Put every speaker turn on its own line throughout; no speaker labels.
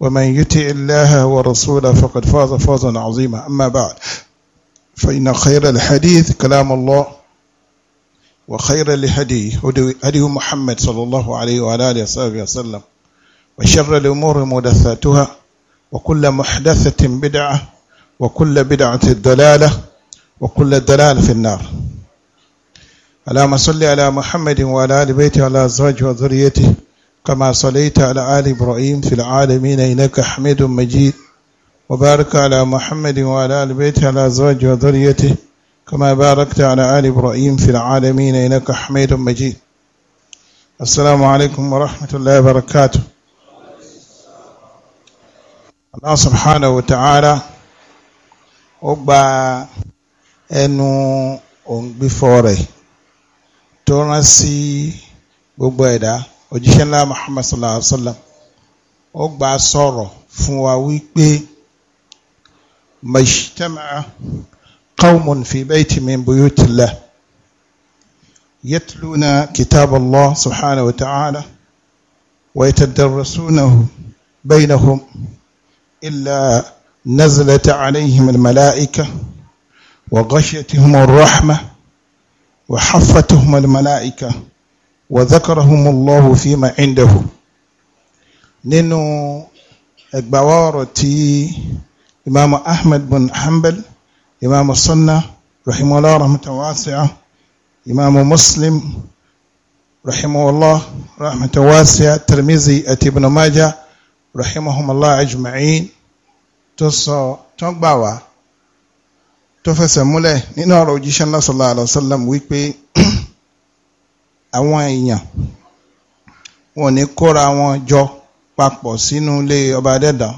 ومن يطع الله ورسوله فقد فاز فوزا عظيما أما بعد فإن خير الحديث كلام الله وخير الهدي هدي محمد صلى الله عليه وعلى آله وصحبه وسلم وشر الأمور محدثاتها وكل محدثة بدعة وكل بدعة ضلالة وكل ضلالة في النار اللهم صل على محمد وعلى آل بيته وعلى أزواجه وذريته كما صليت على آل إبراهيم في العالمين إنك حميد مجيد وبارك على محمد وعلى آل بيته على زوج وذريته كما باركت على آل إبراهيم في العالمين إنك حميد مجيد السلام عليكم ورحمة الله وبركاته الله سبحانه وتعالى أبا أنو òǹgbífọ́ rẹ̀ تونسي rán òjíṣẹ́ ńlá Muhammad sallallahu alaihi wa sallam ó gba sọ̀rọ̀ fún wa wípé majtama'a qawmun fi bayti min buyutillah yatluna kitab Allah subhanahu wa ta'ala wa yatadarrasunahu baynahum illa نزلت wa الملائكة arrahma wa haffatuhum الملائكة wa dhakarahumullahu fima indahu nínú ẹgbàwọ́ ọ̀rọ̀ tí imam ahmed bin hanbal imam sunna rahimahullah rahmatan wasi'a imam muslim rahimahullah rahmatan wasi'a tirmizi àti ibn majah rahimahumullah ajma'in tó sọ tó gbà wá tó fẹsẹ̀ múlẹ̀ nínú ọ̀rọ̀ òjíṣẹ́ ńlá sallallahu alaihi wasallam wípé àwọn èèyàn wọn ní kóra wọn jọ papọ̀ sínú ilé ọba adẹ́dà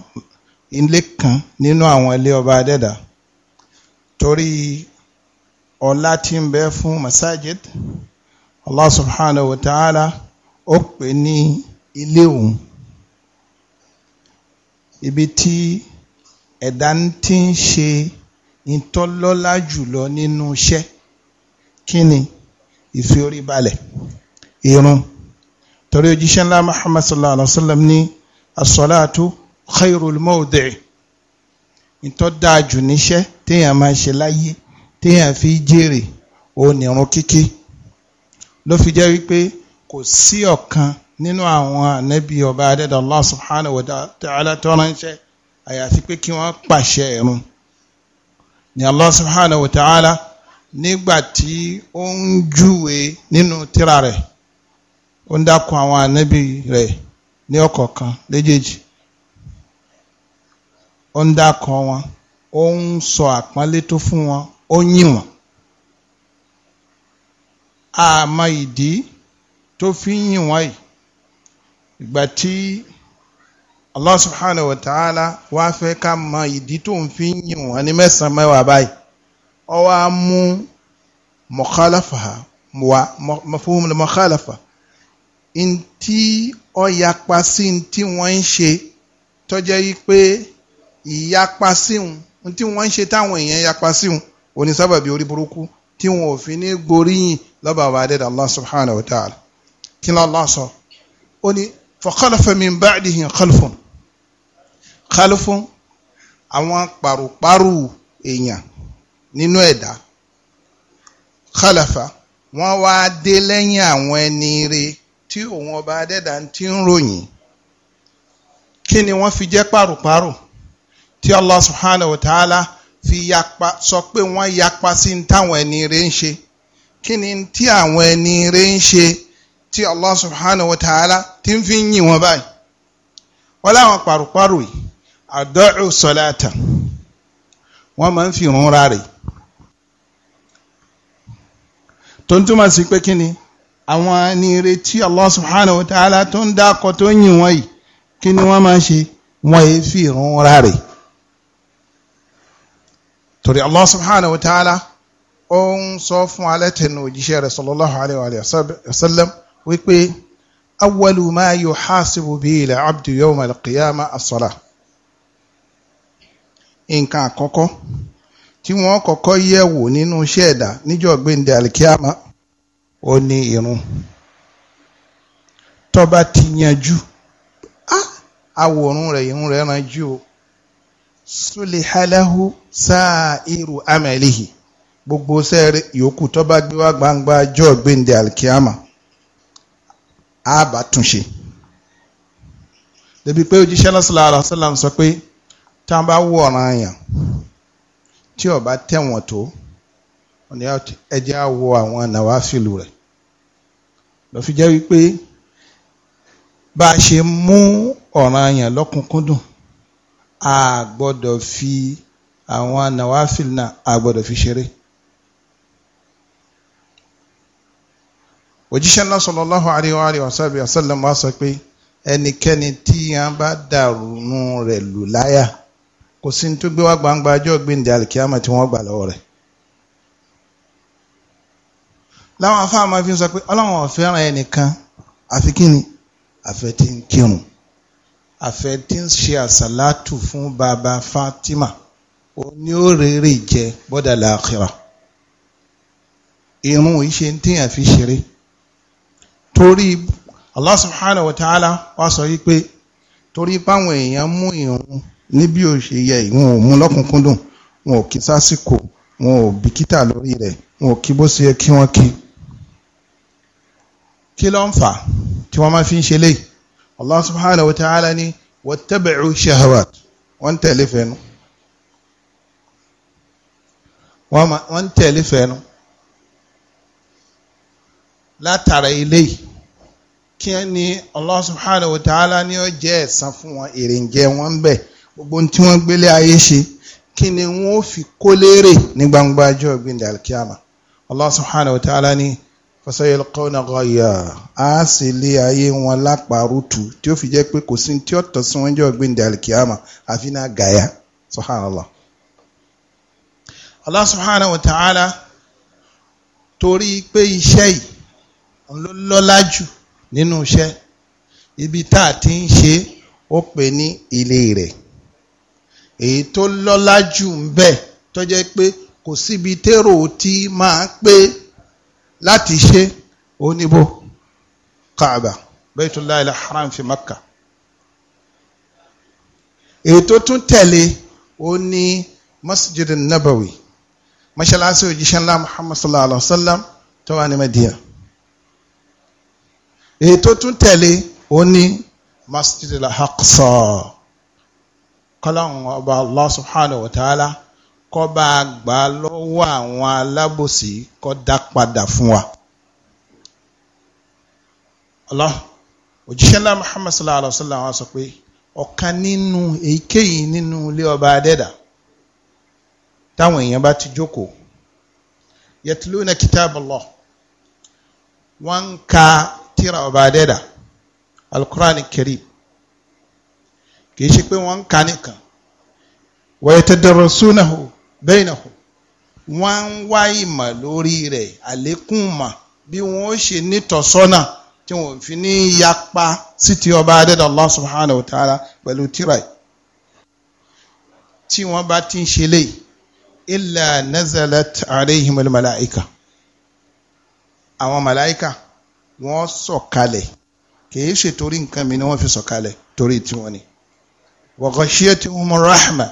ilé kan nínú àwọn ilé ọba adẹ́dà torí ọlá tí ń bẹ fún masajid Allah subhanahu wa ta'ala ó pè ní ilé òun ibi tí ẹ̀dá ti ń ṣe ìtọ́lọ́lá jùlọ nínú iṣẹ́ kí ni ìfi orí balẹ̀ irun torí ojíṣẹ́ ńlá muhammad sallallahu alaihi wa sallam ní asọ́láàtú khairul mawdi'i ìtọ́ dáàjù níṣẹ́ téèyàn máa ṣe láyé téèyàn fi jèrè onírun kíkí ló fi jẹ́ wípé kò sí ọ̀kan nínú àwọn ànábì ọba adẹ́dà allah subhanahu wa ta'ala tó nígbà tí ó ń júwe nínú tírà rẹ̀ ó ń dákun àwọn ànábì rẹ̀ ní ọ̀kọ̀ọ̀kan léjèèjì ó ń dákun wọn ó ń sọ àpọ́nlé tó fún wọn ó yìn wọ́n àmọ́ ìdí tó fi ń yìn wọ́n yìí ìgbà tí Allah subhanahu wa ta'ala wá fẹ́ ká mọ ìdí tó ń fi ń yìn wọ́n ní mẹ́sàn-án mẹ́wàá báyìí ọwọ́ á mú mọ̀kálàfà wá mafhumul mọ̀kálàfà ntí ọ yapa sí ntí wọ́n ń ṣe tọ́jẹ́ yí pé ìyapa síhun ntí wọ́n ń ṣe táwọn èèyàn yapa síhun onísábàbí orí burúkú tí wọn ò fi ní gboríyìn lọ́ba wa adẹ́dà Allah subhanahu wa ta'ala kí ló Allah sọ ó ní fa khalafa min ba'dihim khalfun khalfun àwọn pàrùpàrù èèyàn nínú ẹ̀dá khalafa wọ́n wá dé lẹ́yìn àwọn ẹni re tí òun ọba adẹ́dà ti ń ròyìn kí ni wọ́n fi jẹ́ pàrùpàrù tí Allah subhanahu wa ta'ala fi yapa sọ pé wọ́n yapa sí ní táwọn ẹni re ń ṣe kí ni tí àwọn ẹni re ń ṣe tí Allah subhanahu wa ta'ala ti ń fi yìn wọn báyìí wọ́n láwọn pàrùpàrù yìí àdọ́rù sọ̀láàtà wọ́n máa ń fi ìrun ra rè tó ń túmọ̀ sí pé kí ni àwọn ẹni retí Allah subhanahu wa ta'ala tó ń dákọ tó ń yìn wọ́n yìí kí ni wọ́n máa ń ṣe wọ́n yìí fi ìrun ra torí Allah subhanahu wa ó ń sọ fún alẹ́tẹ̀nu òjíṣẹ́ rẹ̀ sallallahu alayhi wa sallam wípé awwalu ma yuhasibu bihi al-abdu yawma al-qiyama as nǹkan àkọ́kọ́ tí wọ́n kọ́kọ́ yẹ̀ wò nínú iṣẹ́ ẹ̀dá níjọ́ gbẹ̀ndẹ̀ alikiyama ó ní irun tọ́ba ti yanjú àwòrán rẹ̀ irun rẹ̀ ranjú o sulihalahu sáàírù amẹ́lìhì gbogbo sẹ́ẹ̀rẹ̀ yòókù tọ́ba gbé wá gbangba jọ́ gbẹ̀ndẹ̀ alikiyama àbátúnṣe débi pé òjíṣẹ́ lọ́sọ̀lá àràsọ́lá sọ pé tá a bá wọ ọ̀ràn yàn tí ó bá tẹ̀wọ̀n tó ọ̀nà ẹjẹ́ á wọ àwọn nàwáfìlù rẹ̀ lọ fi jẹ́ wípé bá a ṣe mú ọ̀ràn yàn lọ́kùnkúndùn a gbọ́dọ̀ fi àwọn nàwáfìlù náà a gbọ́dọ̀ fi ṣeré. òjíṣẹ́ náà sallallahu alaihi wa sallam wá sọ pé ẹnikẹ́ni tí a bá dàrú rẹ̀ lù láyà kò sí ní tó gbé wá gbangba ọjọ́ gbẹ̀ǹdẹ̀ alikiyama tí wọ́n gbà lọ́wọ́ rẹ̀ láwọn afáàmà fi ń sọ pé ọlọ́run ò ẹnìkan àfi kí ni àfẹ́ tí ń kírun àfẹ́ tí ń ṣe àsàlátù fún bàbá Fatima òní ó rèrè jẹ bọ́dà làákìrà irun yìí ṣe ń téèyàn fi ṣeré torí Allah subhanahu wa ta'ala wá sọ yìí pé torí báwọn èèyàn mú irun ní bí ó ṣe yẹ wọn ò mú lọ́kùnkúndùn wọn ò kí sásìkò wọn ò bìkítà lórí rẹ̀ wọn ò kí bó ṣe yẹ kí wọ́n kí. kí ló ń fà tí wọ́n máa fi ń ṣe lé Allah subhanahu wa ta'ala ni wattabi'u shahawat wọ́n tẹ̀lé fẹ́nu wọ́n tẹ̀lé fẹ́nu látara ilé kí ni Allah subhanahu wa ta'ala ni ó jẹ́ ẹ̀san fún wọn èrè ń jẹ wọn bẹ́ẹ̀ gbogbo ohun tí wọ́n gbélé ayé ṣe kí ni wọ́n fi kó lérè ní gbangba ọjọ́ ìgbìndà alkiyama Allah subhanahu wa ta'ala ni fasayalqawna ghayya á sì lé ayé wọn lápárùtù tí ó fi jẹ́ pé kò sí tí ó tọ́ sí wọn jọ ìgbìndà alkiyama àfi gàyà subhanallah Allah subhanahu wa torí pé iṣẹ́ yìí ló lọ́lá jù nínú iṣẹ́ ibi tá a ti ń ṣe ó pè ní ilé rẹ̀ èyí tó lọ́lá jù ń bẹ tó jẹ́ pé kò síbi térò tí máa pé láti ṣe oníbo kaaba baitullahi al-haram fi makka èyí tó tún tẹ̀lé ó ní masjid nabawi mọ́ṣáláṣí òjíṣẹ́ ńlá muhammad sallallahu alaihi wa sallam tó wà ní medina èyí tó tún tẹ̀lé ó ní masjid al-aqsa kọ́láhùn ọba Allah subhanahu wa ta'ala kọ́ bá a gbà lọ́wọ́ àwọn alábòsí kọ́ dá padà fún wa. Allah òjíṣẹ́ ńlá Muhammad sallallahu alaihi wa sallam wa sọ pé ọ̀kan nínú èyíkéyìí nínú ilé ọba adẹ́dà táwọn èèyàn bá ti jókòó yatluna kitab Allah wọ́n ń ka tírà ọba adẹ́dà al-Qur'an al kì í ṣe pé wọ́n ń ka nìkan wa yatadarasunahu bainahum wọ́n ń wá ìmọ̀ lórí rẹ̀ àlékún mọ̀ bí wọ́n ó ṣe nítọ̀sọ́nà tí wọ́n fi ní yapa sí ti ọba adẹ́dàá Allah subhanahu wa ta'ala pẹ̀lú tíráì tí wọ́n bá ti ń ṣe lè illa nazalat alayhimul malaika àwọn malaika wọ́n sọ̀kalẹ̀ kì í ṣe torí nǹkan mi ni wọ́n fi sọ̀kalẹ̀ torí tiwọn ni wa ghashiyatuhum rahma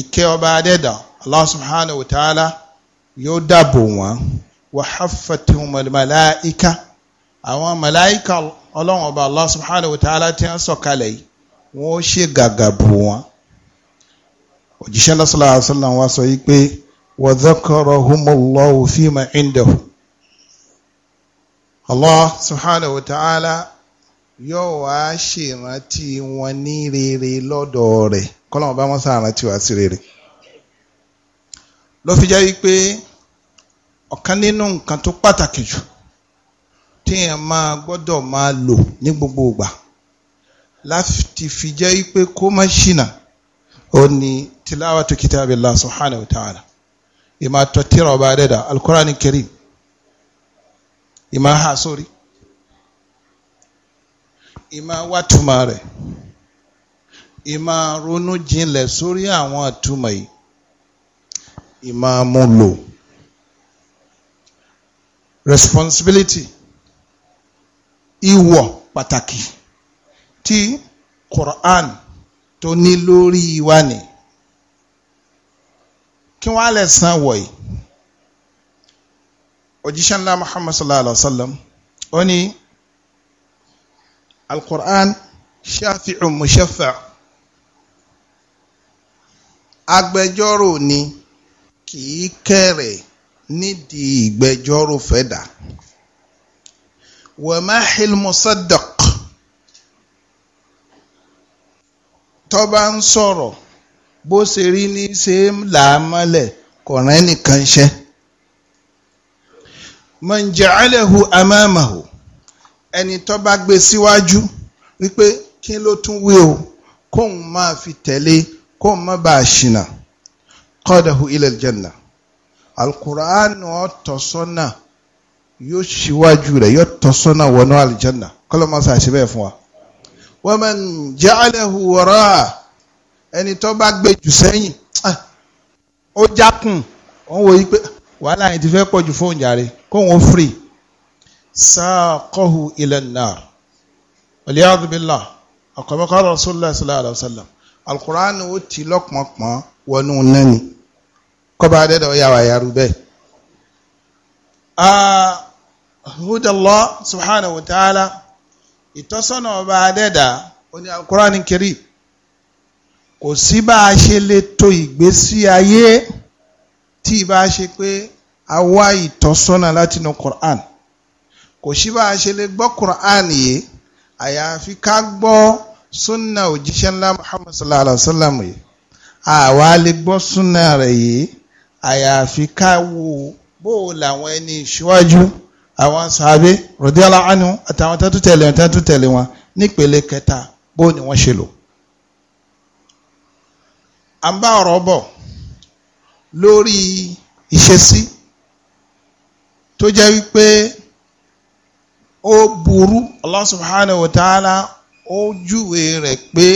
ìkẹ́ ọba adẹ́dà Allah subhanahu wa ta'ala yóò dáàbò wọn wa haffathum al-malaika àwọn màláìka ọlọ́run ọba Allah subhanahu wa ta'ala tí wọ́n sọ̀kalẹ̀ yìí wọ́n ṣe gàgà bò wọn òjíṣẹ́ lọ́sọ̀lá àṣọlá wa sọ yìí pé wa dhakarahumullahu fima indahu Allah subhanahu wa ta'ala yóò wá ṣèrántí wọn ní rere lọ́dọ̀ rẹ̀ kọ́lọ́mù bá wọn ṣàrántí wá sí rere ló fi jẹ́ wípé ọ̀kan nínú nǹkan tó pàtàkì jù téèyàn máa gbọ́dọ̀ máa lò ní gbogbo ìgbà láti fi jẹ́ wípé kó má ṣìnà ó ní tilawatu kitabillah subhanahu wa ta'ala ìmọ̀ àtọ̀tìrọ̀ ọba adẹ́dà al-Qur'ani karim ìmọ̀ ha sórí ìmọ̀ wàtúmọ̀ rẹ̀ ìmọ̀ ronú jinlẹ̀ sórí àwọn àtúmọ̀ yìí ìmọ̀ mú responsibility ìwọ̀ pàtàkì tí Quran tó ní lórí wa ni kí wọ́n á lè san wọ̀nyí òjíṣẹ́ ńlá Muhammad sallallahu alaihi wa sallam ó ní. القرآن شافع مشفع mùṣàfà agbẹjọ́rò ni kì í kẹ̀rẹ̀ nídìí ìgbẹjọ́rò fẹ́dà wàmáhìl musaddaq tó bá ń sọ̀rọ̀ bó ṣe rí ní ṣe ń là á mọ́lẹ̀ kọ̀rẹ́ nìkan ṣẹ́ man ja'alahu amamahu ẹni tó bá gbé síwájú wípé kí ló tún wí o kóun máa fi tẹ̀lé kóun má bàa ṣìnà qadahu ilal janna alukuraanu ọ̀tọ̀sọ́nà yóò ṣíwájú rẹ̀ yóò tọ́sọ́nà wọnú aljanna kọ́lọ́mọ́sá àṣẹ bẹ́ẹ̀ fún wa. wa man ja'alahu wara'a ẹni tó bá gbé jù sẹ́yìn ah, ó jákùn wọ́n wò yí pé wàhálà yẹn ti fẹ́ pọ̀ jù fóun jàre kóun ó fìrì. ساقه إلى النار والعياذ بالله أقام قال رسول الله صلى الله عليه وسلم القرآن وتي مقما ونونني كما عدد ويا ويا ربي هدى الله سبحانه وتعالى ìtọ́sọ́nà ọba adẹ́dà oní alukurani kiri kò sí bá a ṣe lè tò ìgbésí ayé tí ì bá a ṣe pé a wá ìtọ́sọ́nà látinú Quran kò sí bá a ṣe lè gbọ́ Qur'an yìí àyàfi ká gbọ́ sunna òjíṣẹ́ ńlá Muhammad sallallahu alayhi wa sallam yìí àwa lè gbọ́ sunna rẹ̀ yìí àyàfi ká wo bó o làwọn ẹni ìṣíwájú àwọn sàábé radiyallahu anhu àtàwọn tẹ́tù tẹ̀lé wọn tẹ́tù tẹ̀lé wọn nípele kẹta bó ni wọ́n ṣe lò. à ń bá ọ̀rọ̀ bọ̀ lórí ìṣesí tó jẹ́ wípé ó burú Allah subhanahu wa ta'ala ó júwe rẹ̀ pé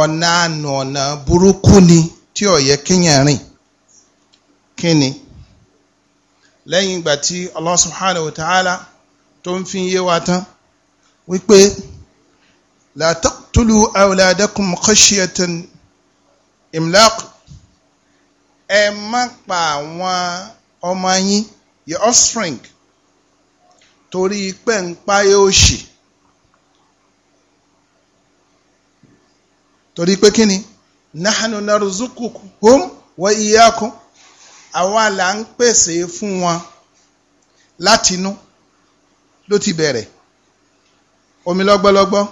ọ̀nà àna ọ̀nà burúkú ni tí ó yẹ kíyàn rìn kí ni lẹ́yìn ìgbà tí Allah subhanahu wa ta'ala tó ń fi yé wa tán wípé la taqtulu awladakum khashyatan ẹ má pa àwọn ọmọ yín your offspring torí pẹ́ǹpáyé òṣì torí pé kí ni nahanu narzukukum wa iyyakum àwa là ń pèsè fún wọn látinú ló ti bẹ̀rẹ̀ omi lọ́gbọ́lọ́gbọ́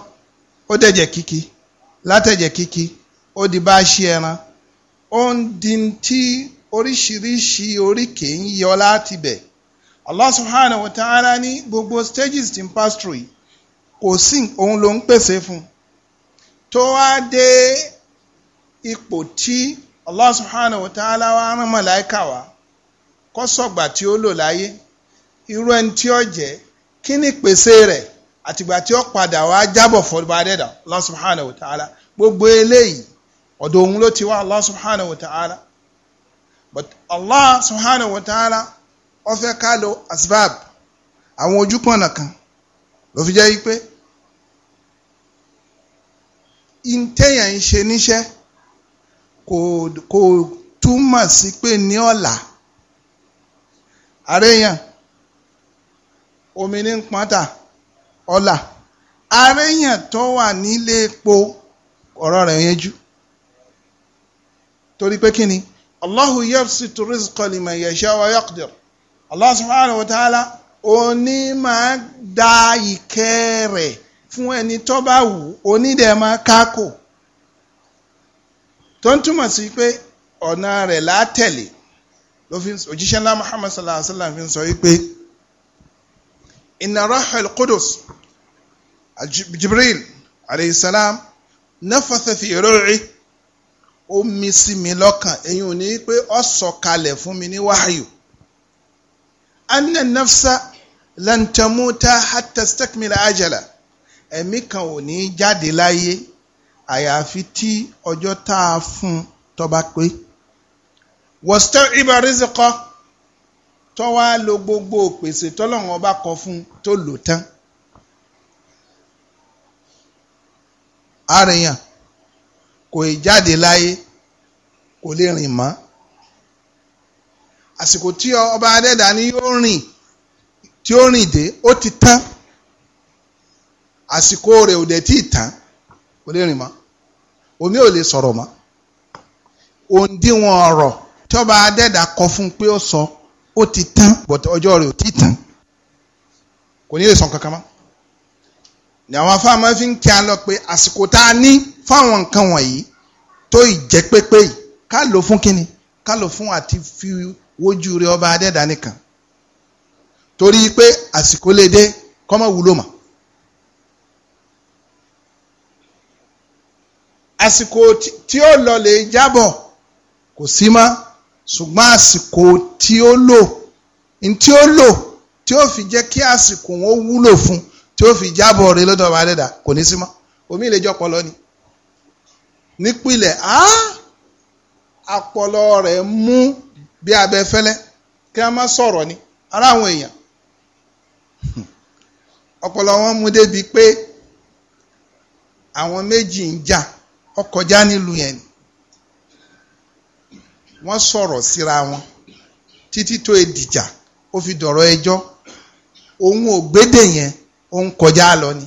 ó dẹ̀jẹ̀ kíkí látẹ̀jẹ̀ kíkí ó di bá ṣe ẹran ó ń di tí oríṣiríṣi oríkèé ń yọ láti bẹ̀ Allah subhanahu wa ta'ala ní gbogbo stages ti ń pastro yìí kò sí òun ló ń pèsè fún tó wá dé ipò tí Allah subhanahu wa ta'ala wá rán màláìkà wá kọ́ sọ̀gbà tí ó lò láyé irú ẹni tí ó jẹ́ kí ni pèsè rẹ̀ àtìgbà tí ó padà wá jábọ̀ fọlùbà dẹ́dà Allah subhanahu wa ta'ala gbogbo eléyìí ọ̀dọ̀ òun ló ti wá Allah subhanahu wa ta'ala but Allah subhanahu wa ta'ala wọ́n fẹ́ ká lo asbab àwọn ojúpọ̀nà kan ló fi jẹ́ pé téèyàn ń ṣe níṣẹ́ kò kò túmọ̀ sí pé ní ọ̀la àréyàn omi ní pọ́ntà ọ̀la àréyàn tó wà nílé epo ọ̀rọ̀ rẹ̀ yẹn jù torí pé kí ni Allahu yabsutu rizqa liman yasha wa yaqdir. Allah subhanahu wa ta'ala òní máa da ìkẹ́ rẹ̀ fún ẹni tó bá wù òní dẹ̀ máa kákò tó ń túmọ̀ sí pé ọ̀nà rẹ̀ látẹ̀lé ló fi òjíṣẹ́ ńlá Muhammad sallallahu alaihi wa sallam fi sọ wípé inna rahel qudus Jibril alayhi salam nafatha fi ru'i sí mi lọ́kàn èyí ò ní pé ó sọ̀kalẹ̀ fún mi ní wáyù anna nafsa lan tamuta hatta stakmila ajala ẹ̀mí kan ò ní jáde láyé àyàfi tí ọjọ́ tá a fún tó bá pé wọ́stẹ́ ibà rizikọ́ tó wá lo gbogbo òpèsè tọ́lọ́run ọba kọ fún tó lò tán. àríyàn kò ì jáde láyé kò lè rìn mọ́ àsìkò tí ọba adẹ́dà ni yóò rìn tí ó rìn dé ó ti tán àsìkò rẹ̀ ò dẹ̀ tí ì tán kò lè rìn mọ́ omi ò lè sọ̀rọ̀ mọ́ òǹdíwọ̀n ọ̀rọ̀ tí ọba adẹ́dà kọ fún pé ó sọ ó ti tán bọ̀tẹ́ ọjọ́ rẹ̀ ò tí ì tán kò ní lè sọ kankan mọ́ ni àwọn afáàmọ́ fi ń kí a lọ pé àsìkò tá a ní fáwọn nǹkan wọ̀nyí tó ìjẹ́ pépé yìí ká lò fún kínni ká lò fún àti fi wojú rẹ ọba adẹ́dá nìkan torí pé àsìkò lè dé kọ́mọ wúlò mọ́. àsìkò tí ó lọ lè jábọ̀ kò sí mọ́ ṣùgbọ́n àsìkò tí ó lò tí ó lò tí ó fi jẹ́ kí àsìkò wọn wúlò fún tí ó fi jábọ̀ rẹ lọ́dọ̀ ọba adẹ́dá kò ní sí mọ́ omi ìlẹ́jọ́ ọpọlọ ni nípìnlẹ̀ àpọlọ rẹ̀ mú bí abẹ fẹ́lẹ́ kí a má sọ̀rọ̀ ni ara àwọn èèyàn ọpọlọ wọn mú débi pé àwọn méjì ń jà ọkọjá nílùú yẹn ni wọ́n sọ̀rọ̀ síra wọn títí tó edìjà ó fi dọ̀rọ̀ ẹjọ́ òun ò gbédè yẹn òun kọjá lọ ni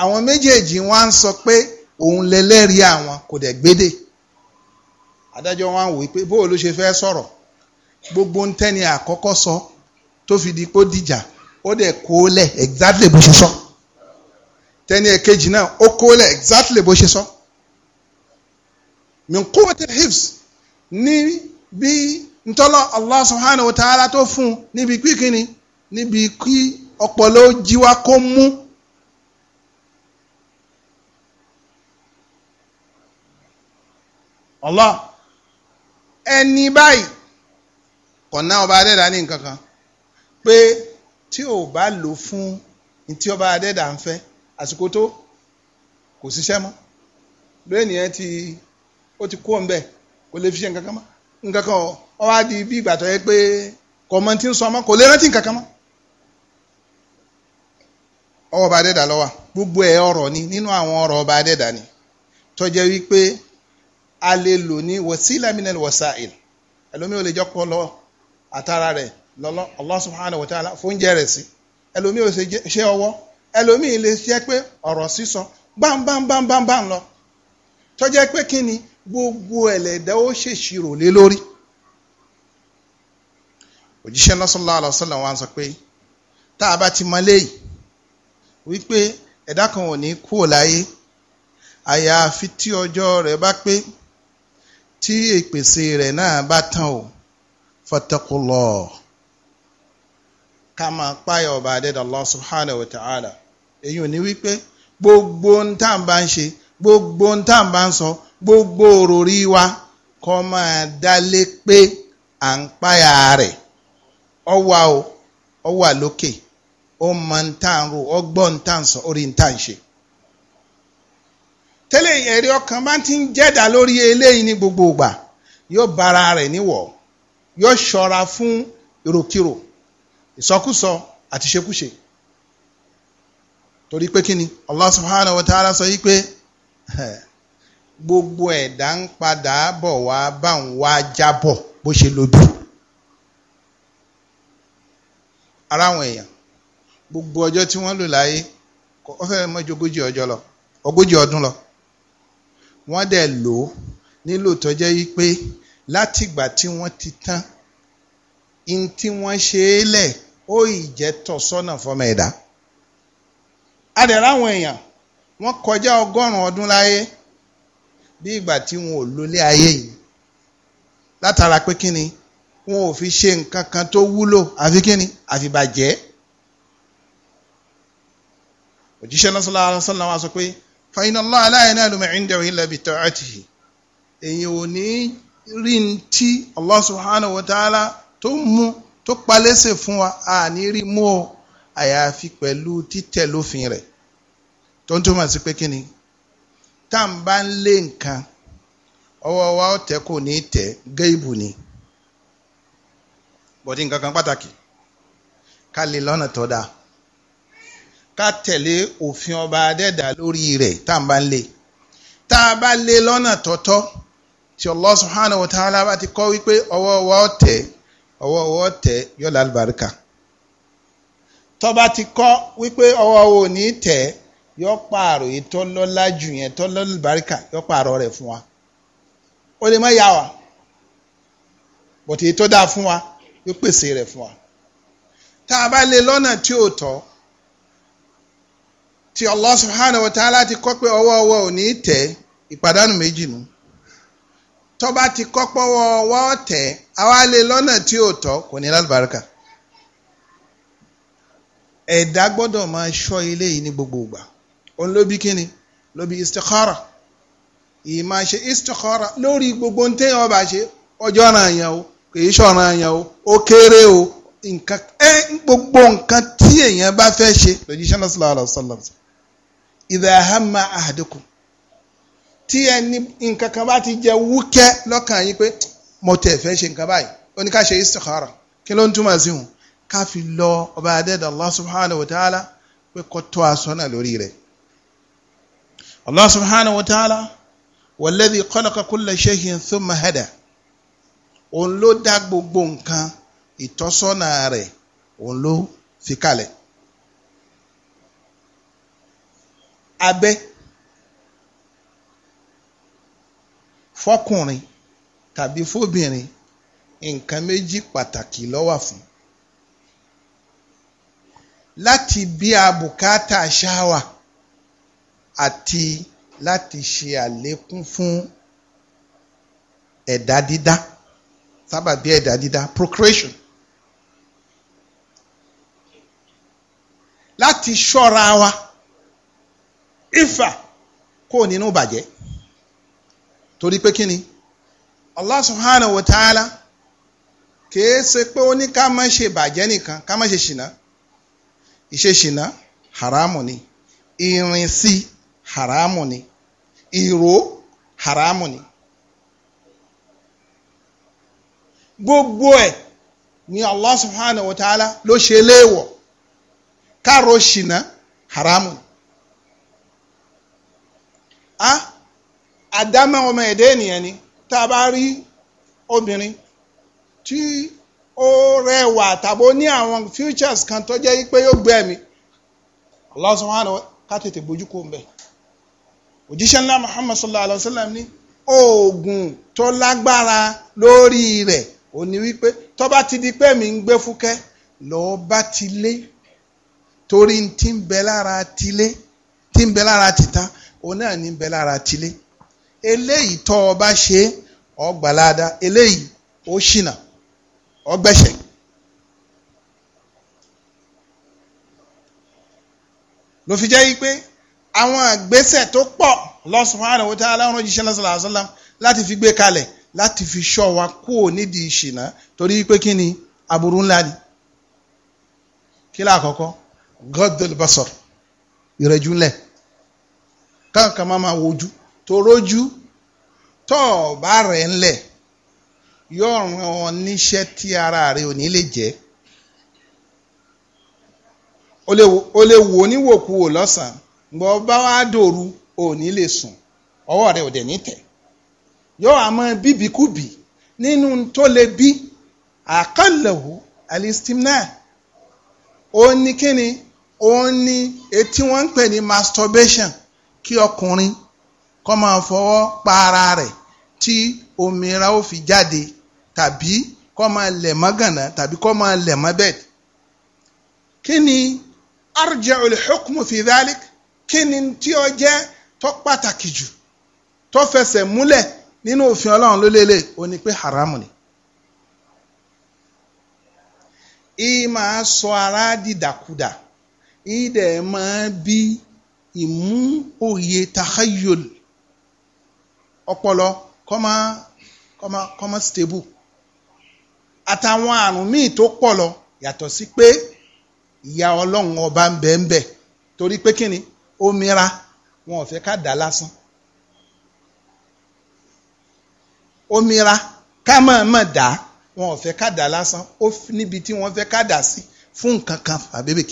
àwọn méjèèjì wọ́n á sọ pé òun lẹlẹ́rìí àwọn kò dẹ̀ gbédè adájọ́ wọn á wò pé bóò ṣe fẹ́ sọ̀rọ̀ gbogbo ń tẹ́ni àkọ́kọ́ sọ tó fi di pé ó dìjà ó dẹ̀ kó lẹ̀ exactly bó ṣe sọ tẹ́ni ẹ̀kejì náà ó kó lẹ̀ exactly bó ṣe sọ minkumatil hifz ní bí ntọ́lọ́ Allah subhanahu wa ta'ala tó fún un níbi kíkíni níbi kí ọpọlọ jíwá kó mú. Allah ẹni báyìí kọ̀nà ọba adẹ́dà ní nǹkan kan pé tí ò bá lò fún tí ọba adẹ́dà ń fẹ́ àsìkò tó kò ṣiṣẹ́ mọ́ lóyún nìyẹn ti ó ti kú ọ̀n bẹ́ẹ̀ kò lè fi ṣe nǹkan kan mọ́ nǹkan kan ọ wá di bí ìgbà tó yẹ pé kọ̀mọ́ ti ń sọ ọmọ kò lè rántí nǹkan kan mọ́ ọwọ́ ọba adẹ́dà lọ́wọ́ gbogbo ẹ̀ ọ̀rọ̀ ni nínú àwọn ọ̀rọ̀ ọba adẹ́dà ni tó jẹ́ wípé a lè lò ní wọ́sílẹ̀ mìíràn wọ́sà ìl ẹlòmíì ò lè jọ́ pọ̀ lọ́wọ́ atara rẹ̀ lọ́lọ́ Allah subhanahu wa ta'ala fóúnjẹ sí ẹlòmíì ò ṣe ọwọ ọwọ́ ẹlòmíì lè ṣe pé ọ̀rọ̀ sísọ bámbámbámbámbá lọ tó pé kí ni gbogbo ẹlẹ́dẹ́ ó ṣèṣirò lé lórí òjíṣẹ́ náà sallallahu wa sọ pé tá a bá ti mọ wípé ẹ̀dá kan ò ní àyàfi tí ọjọ́ rẹ̀ bá pé tí ìpèsè rẹ̀ náà bá tán fattakullah kama páyà ọba adẹ́dà Allah subhanahu wa ta'ala èyí ò gbogbo ń tá à ń bá gbogbo ń tá à gbogbo òròrí wa kọ máa dálé pé à ń páyà rẹ̀ ọwà o ọwà lókè ó mọ ń tá à ń ro ọgbọ́n tá à ń sọ orí ń tá à ń ṣe tẹ́lẹ̀ ẹ̀rí ọkàn bá ti ń jẹ́dà lórí eléyìí ní gbogbo ìgbà yóò bára rẹ̀ níwọ̀ọ́ yóò ṣọ́ra fún ìròkìrò ìsọkúsọ àti ṣekúṣe torí pé kí ni Allah subhanahu wa ta'ala sọ yí pé gbogbo ẹ̀dá ń padà bọ̀ wá bá ń wá jábọ̀ bó ṣe lóbi ara àwọn èèyàn gbogbo ọjọ́ tí wọ́n lò láyé wọ́n fẹ́ẹ́ mọ́ ju ogójì ọjọ́ lọ ogójì ọdún lọ wọ́n dẹ̀ lò ó nílò tó yí pé látìgbà tí wọ́n ti tán in tí wọ́n ṣe é lẹ̀ ó ìjẹ́ tọ̀sọ́nà fọmọ ẹ̀dá. adẹ̀rẹ̀ àwọn èèyàn wọ́n kọjá ọgọ́rùn-ún ọdún láyé bí ìgbà tí wọn ò lólé ayé yìí látara pé kí ni wọn ò fi ṣe nǹkan kan tó wúlò àfi kí ni àfibàjẹ́ òjíṣẹ́ náà sallallahu alaihi wasallam wa sọ pé fa inna Allaha la yanalu ma indahu illa bi ta'atihi èyí ò ní rí n tí Allah subhanahu wa ta'ala tó mú tó palẹ́sẹ̀ fún wa a ní rí mú o àyàfi pẹ̀lú títẹ̀ lófin rẹ̀ tó ń túmọ̀ sí pé kí ni tá à ń bá ń lé nǹkan ọwọ́ wa ọ̀tẹ̀ kò ní tẹ̀ géèbù ni bọ̀dí nǹkan kan pàtàkì ká lè lọ́nà tó dáa ká tẹ̀lé òfin ọba adẹ́dà lórí rẹ̀ tá à ń bá ń lé tá a bá lé lọ́nà tọ́tọ́. tí Allah subhanahu wa ta'ala bá ti kọ́ wípé ọwọ́ ọwọ́ tẹ̀ ọwọ́ ọwọ́ tẹ̀ yóò lálùbáríkà tó bá ti kọ́ wípé ọwọ́ ọwọ́ ò ní tẹ̀ yóò pààrọ̀ èyí tó lọ́lá jù yẹn tó lálùbáríkà yóò pààrọ̀ rẹ̀ fún wa ó lè má yà wá bọ̀tí èyí dáa fún wa yóò pèsè rẹ̀ fún wa tá a bá lè lọ́nà tí ò tọ́ tí Allah subhanahu wa ta'ala ti kọ́ pé ọwọ́ ọwọ́ ò ní tẹ̀ ìpàdánù méjì nù tọ́ba ti kọ́pọ́ wọ ọwọ́ tẹ̀ àwa lè lọ́nà tí ò tọ́ kò ní lálùbáríkà ẹ̀dá gbọ́dọ̀ máa ṣọ́ ilé yìí ní gbogbo ìgbà òun ló bí kíni ló bí istikhara yìí máa ṣe istikhara lórí gbogbo ntẹ́yìn ọba ṣe ọjọ́ ọ̀ràn àyàn o kìí ṣọ̀ràn àyàn o ó kéré o nǹkan ẹ gbogbo nǹkan tí èèyàn bá fẹ́ ṣe lójúṣẹ́ náà sallallahu alaihi wasallam idha hamma ahadukum tí ẹni nǹkan kan bá ti jẹ wúkẹ́ lọ́kàn yín pé mo tẹ̀ fẹ́ ṣe nǹkan báyìí ó ní ká ṣe istikhara kí ló ń túmọ̀ sí wọn ká fi lọ ọba adẹ́dàá Allah subhanahu wa ta'ala pé kó tọ́ asọ́nà lórí rẹ̀ Allah subhanahu wa ta'ala walladhi khalaqa kulla shay'in thumma hada òun ló dá gbogbo nǹkan ìtọ́sọ́nà rẹ̀ òun ló fi kalẹ̀ abẹ́ fọ́kùnrin tàbí fóbìnrin nǹkan méjì pàtàkì ló wà fún láti bí a bùkátà ṣáwà àti láti ṣe àlékún fún ẹ̀dá dídá sábàbí ẹ̀dá dídá procreation láti ṣọ́ra wa ifá kó nínú bàjẹ́ torí pé kí ni Allah subhanahu wa ta'ala kìí ṣe pé ó ní ká má ṣe bàjẹ́ nìkan ká má ṣe ṣìnà ìṣe ṣìnà haramu ni ìrìnsí haramu ni ìró haramu ni gbogbo ẹ̀ ni Allah subhanahu wa ta'ala ló ṣe léèwọ̀ káàró ṣìnà haramu ni. Ah, àdámọ́ ọmọ ẹ̀dá ènìyàn ni tá a bá rí obìnrin tí ó rẹwà tàbó ní àwọn futures kan tó jẹ́ pé yóò gbé ẹ̀mí Allah subhanahu ká tètè bójú kó òjíṣẹ́ ńlá sallallahu alayhi wa sallam ní oògùn tó lágbára lórí rẹ̀ ní wípé tó bá ti di pé mi ń gbé fúkẹ́ lọ́ọ́ bá ti lé torí ti ń bẹ lára ti ń bẹ lára eléyìí tọ́ ọ bá ṣe ọ gbàláda eléyìí ó ṣìnà ọ gbẹ̀ṣẹ̀. ló fi jẹ́ yí pé àwọn àgbésẹ̀ tó pọ̀ Allah subhanahu wa ta'ala jíṣẹ́ lọ́sọ̀lá àṣọlá láti fi gbé kalẹ̀ láti fi ṣọ́ wa kúò nídìí ìṣìnà torí pé kí ni aburú ńlá ni kí lá àkọ́kọ́ gọ́dọ̀lù basọ̀rọ̀ ìrẹ̀jú ńlẹ̀ káàkà máa ma wojú torójú tọ́ ọ bá rẹ̀ ńlẹ̀ yóò ràn ọ níṣẹ́ tí ara rẹ̀ ò ní lè jẹ́ o lè wò oníwòkuwò lọ́sàn-án gbọ́ bá wá dòru ò ní lè sùn ọwọ́ rẹ̀ ò dẹ̀ ní tẹ̀ yóò àmọ́ bíbíkúbì nínú tó lè bí àkànlẹ̀wò alistimna ó ní kíni ó ní etí wọ́n ń pè ní masturbation kí ọkùnrin kó máa fọwọ́ pa ara rẹ̀ tí omi ra ó fi jáde tàbí kó máa lẹ̀ mọ́ gànà tàbí kó máa lẹ̀ mọ́ bẹ́ẹ̀. kí ni arja'ul hukmu fi dhalik kí ni tí ó jẹ́ tó pàtàkì jù tó fẹsẹ̀ múlẹ̀ nínú òfin ọlọ́run ló lélẹ̀ ó ní pé haramu ni. ìyí máa sọ ara dìdàkudà ìyí máa bí ìmú òye tahayul ọpọlọ kọ́mọ kọ́mọ kọ́mọ stable àtàwọn àrùn míì tó pọ̀ lọ yàtọ̀ sí pé ìyá ọlọ́run ọba ń bẹ ń bẹ torí pé kíni ó mira wọn ò fẹ́ ká dà lásán ó mira ká mọ̀ mọ̀ dà wọn ò fẹ́ ká dà lásán ó níbi tí wọ́n fẹ́ ká dà sí fún nǹkan kan àbẹ́bẹ̀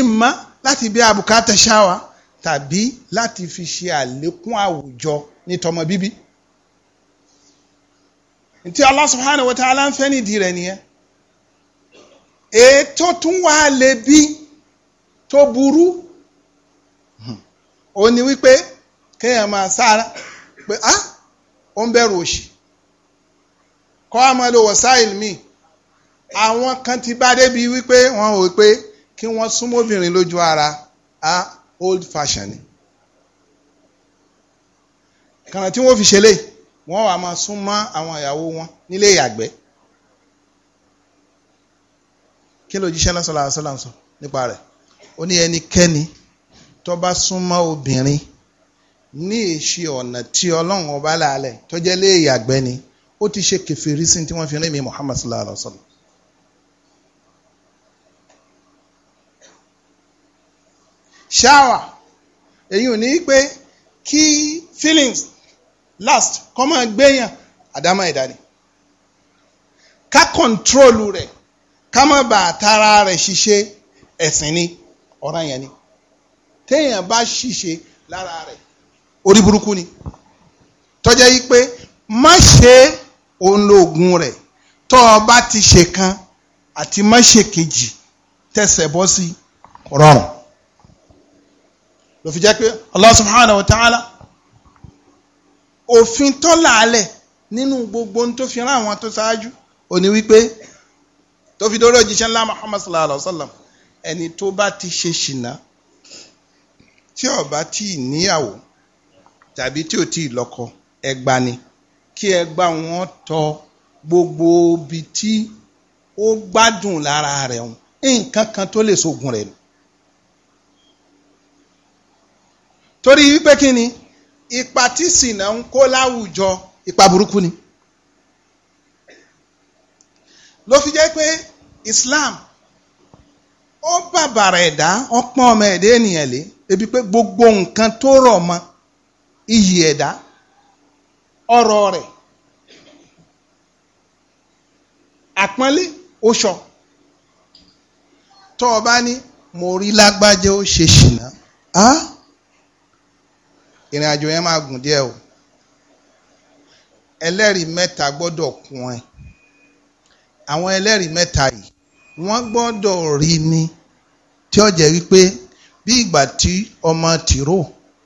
ìmọ̀ láti bí abùkátà ṣáwa tàbí láti fi ṣe àlékún àwùjọ ní tọmọ bíbí tí Allah subhanahu wa ta'ala ń fẹ́ nídìí rẹ̀ nìyẹn ètò tún wà lè bí tó burú ó ní wípé kéèyàn máa sára pé á ó ń bẹ̀rù òṣì kọ́ àmọ́ wọ̀sáìl mi àwọn kan ti bá débi wípé wọ́n wò pé kí wọ́n súnmọ́ obìnrin lójú ara old fashion ni kànáà tí wọ́n fi ṣe léyìí wọ́n wà máa sún mọ́ àwọn ìyàwó wọn nílé ìyàgbẹ́ kí ló jíṣẹ́ lọ́sọ̀lá àṣọlá ń sọ nípa rẹ̀ ó ní ẹnikẹ́ni tó bá sún mọ́ obìnrin ní èṣì ọ̀nà tí ọlọ́run ọba láàlẹ̀ tó lé ìyàgbẹ́ ni ó ti ṣe kẹfìrí sí tí wọ́n fi rí mi Muhammad sallallahu alaihi wa sallam Shower. èyí ò ní pé kí feelings last kọ́ máa gbéyàn àdámọ́ ẹ̀dá ni ká kọ̀ǹtrólù rẹ̀ ká má bàa tara rẹ̀ ṣiṣẹ́ ẹ̀sìn ni ọ̀ràn yẹn ni téèyàn bá ṣiṣe lára rẹ̀ orí burúkú ni tọ́jẹ́ yí pé má ṣe òun lóògùn rẹ̀ tọ́ ọ bá ti ṣe kan àti má ṣe kejì tẹsẹ̀ bọ́ sí rọrùn ló fi jẹ́ pé Allah subhanahu wa ta'ala òfin tó làálẹ̀ nínú gbogbo tó fi rán àwọn tó ṣáájú ò ní wípé tó fi dórí òjíṣẹ́ ńlá Muhammad sallallahu alaihi wa ẹni tó bá ti ṣe ṣìnà tí ó bá tí níyàwó tàbí tí ò tí lọ́kọ ẹgba ni kí ẹgba wọn tọ gbogbo ibi tí ó gbádùn lára rẹ̀ hùn nǹkan kan tó lè ṣògùn rẹ̀ nù torí wípé kí ni ipa tí sìnà ń kó láwùjọ ipa burúkú ni ló fi jẹ́ pé Islam ó bàbàrà ẹ̀dá ó pọ́n ọmọ ẹ̀dá ènìyàn lé ebi pé gbogbo nǹkan tó rọ̀ mọ́ iyì ẹ̀dá ọ̀rọ̀ rẹ̀ àpọ́nlé oṣọ tó o bá ní mo rí lágbájá ó ṣe ṣìnà ìrìn àjò yẹn máa gùn díẹ̀ o ẹlẹ́rìí mẹ́ta gbọ́dọ̀ kún ẹ àwọn ẹlẹ́rìí mẹ́ta yìí wọ́n gbọ́dọ̀ rí ni tí ó jẹ́ wípé bí ìgbà tí ọmọ tìró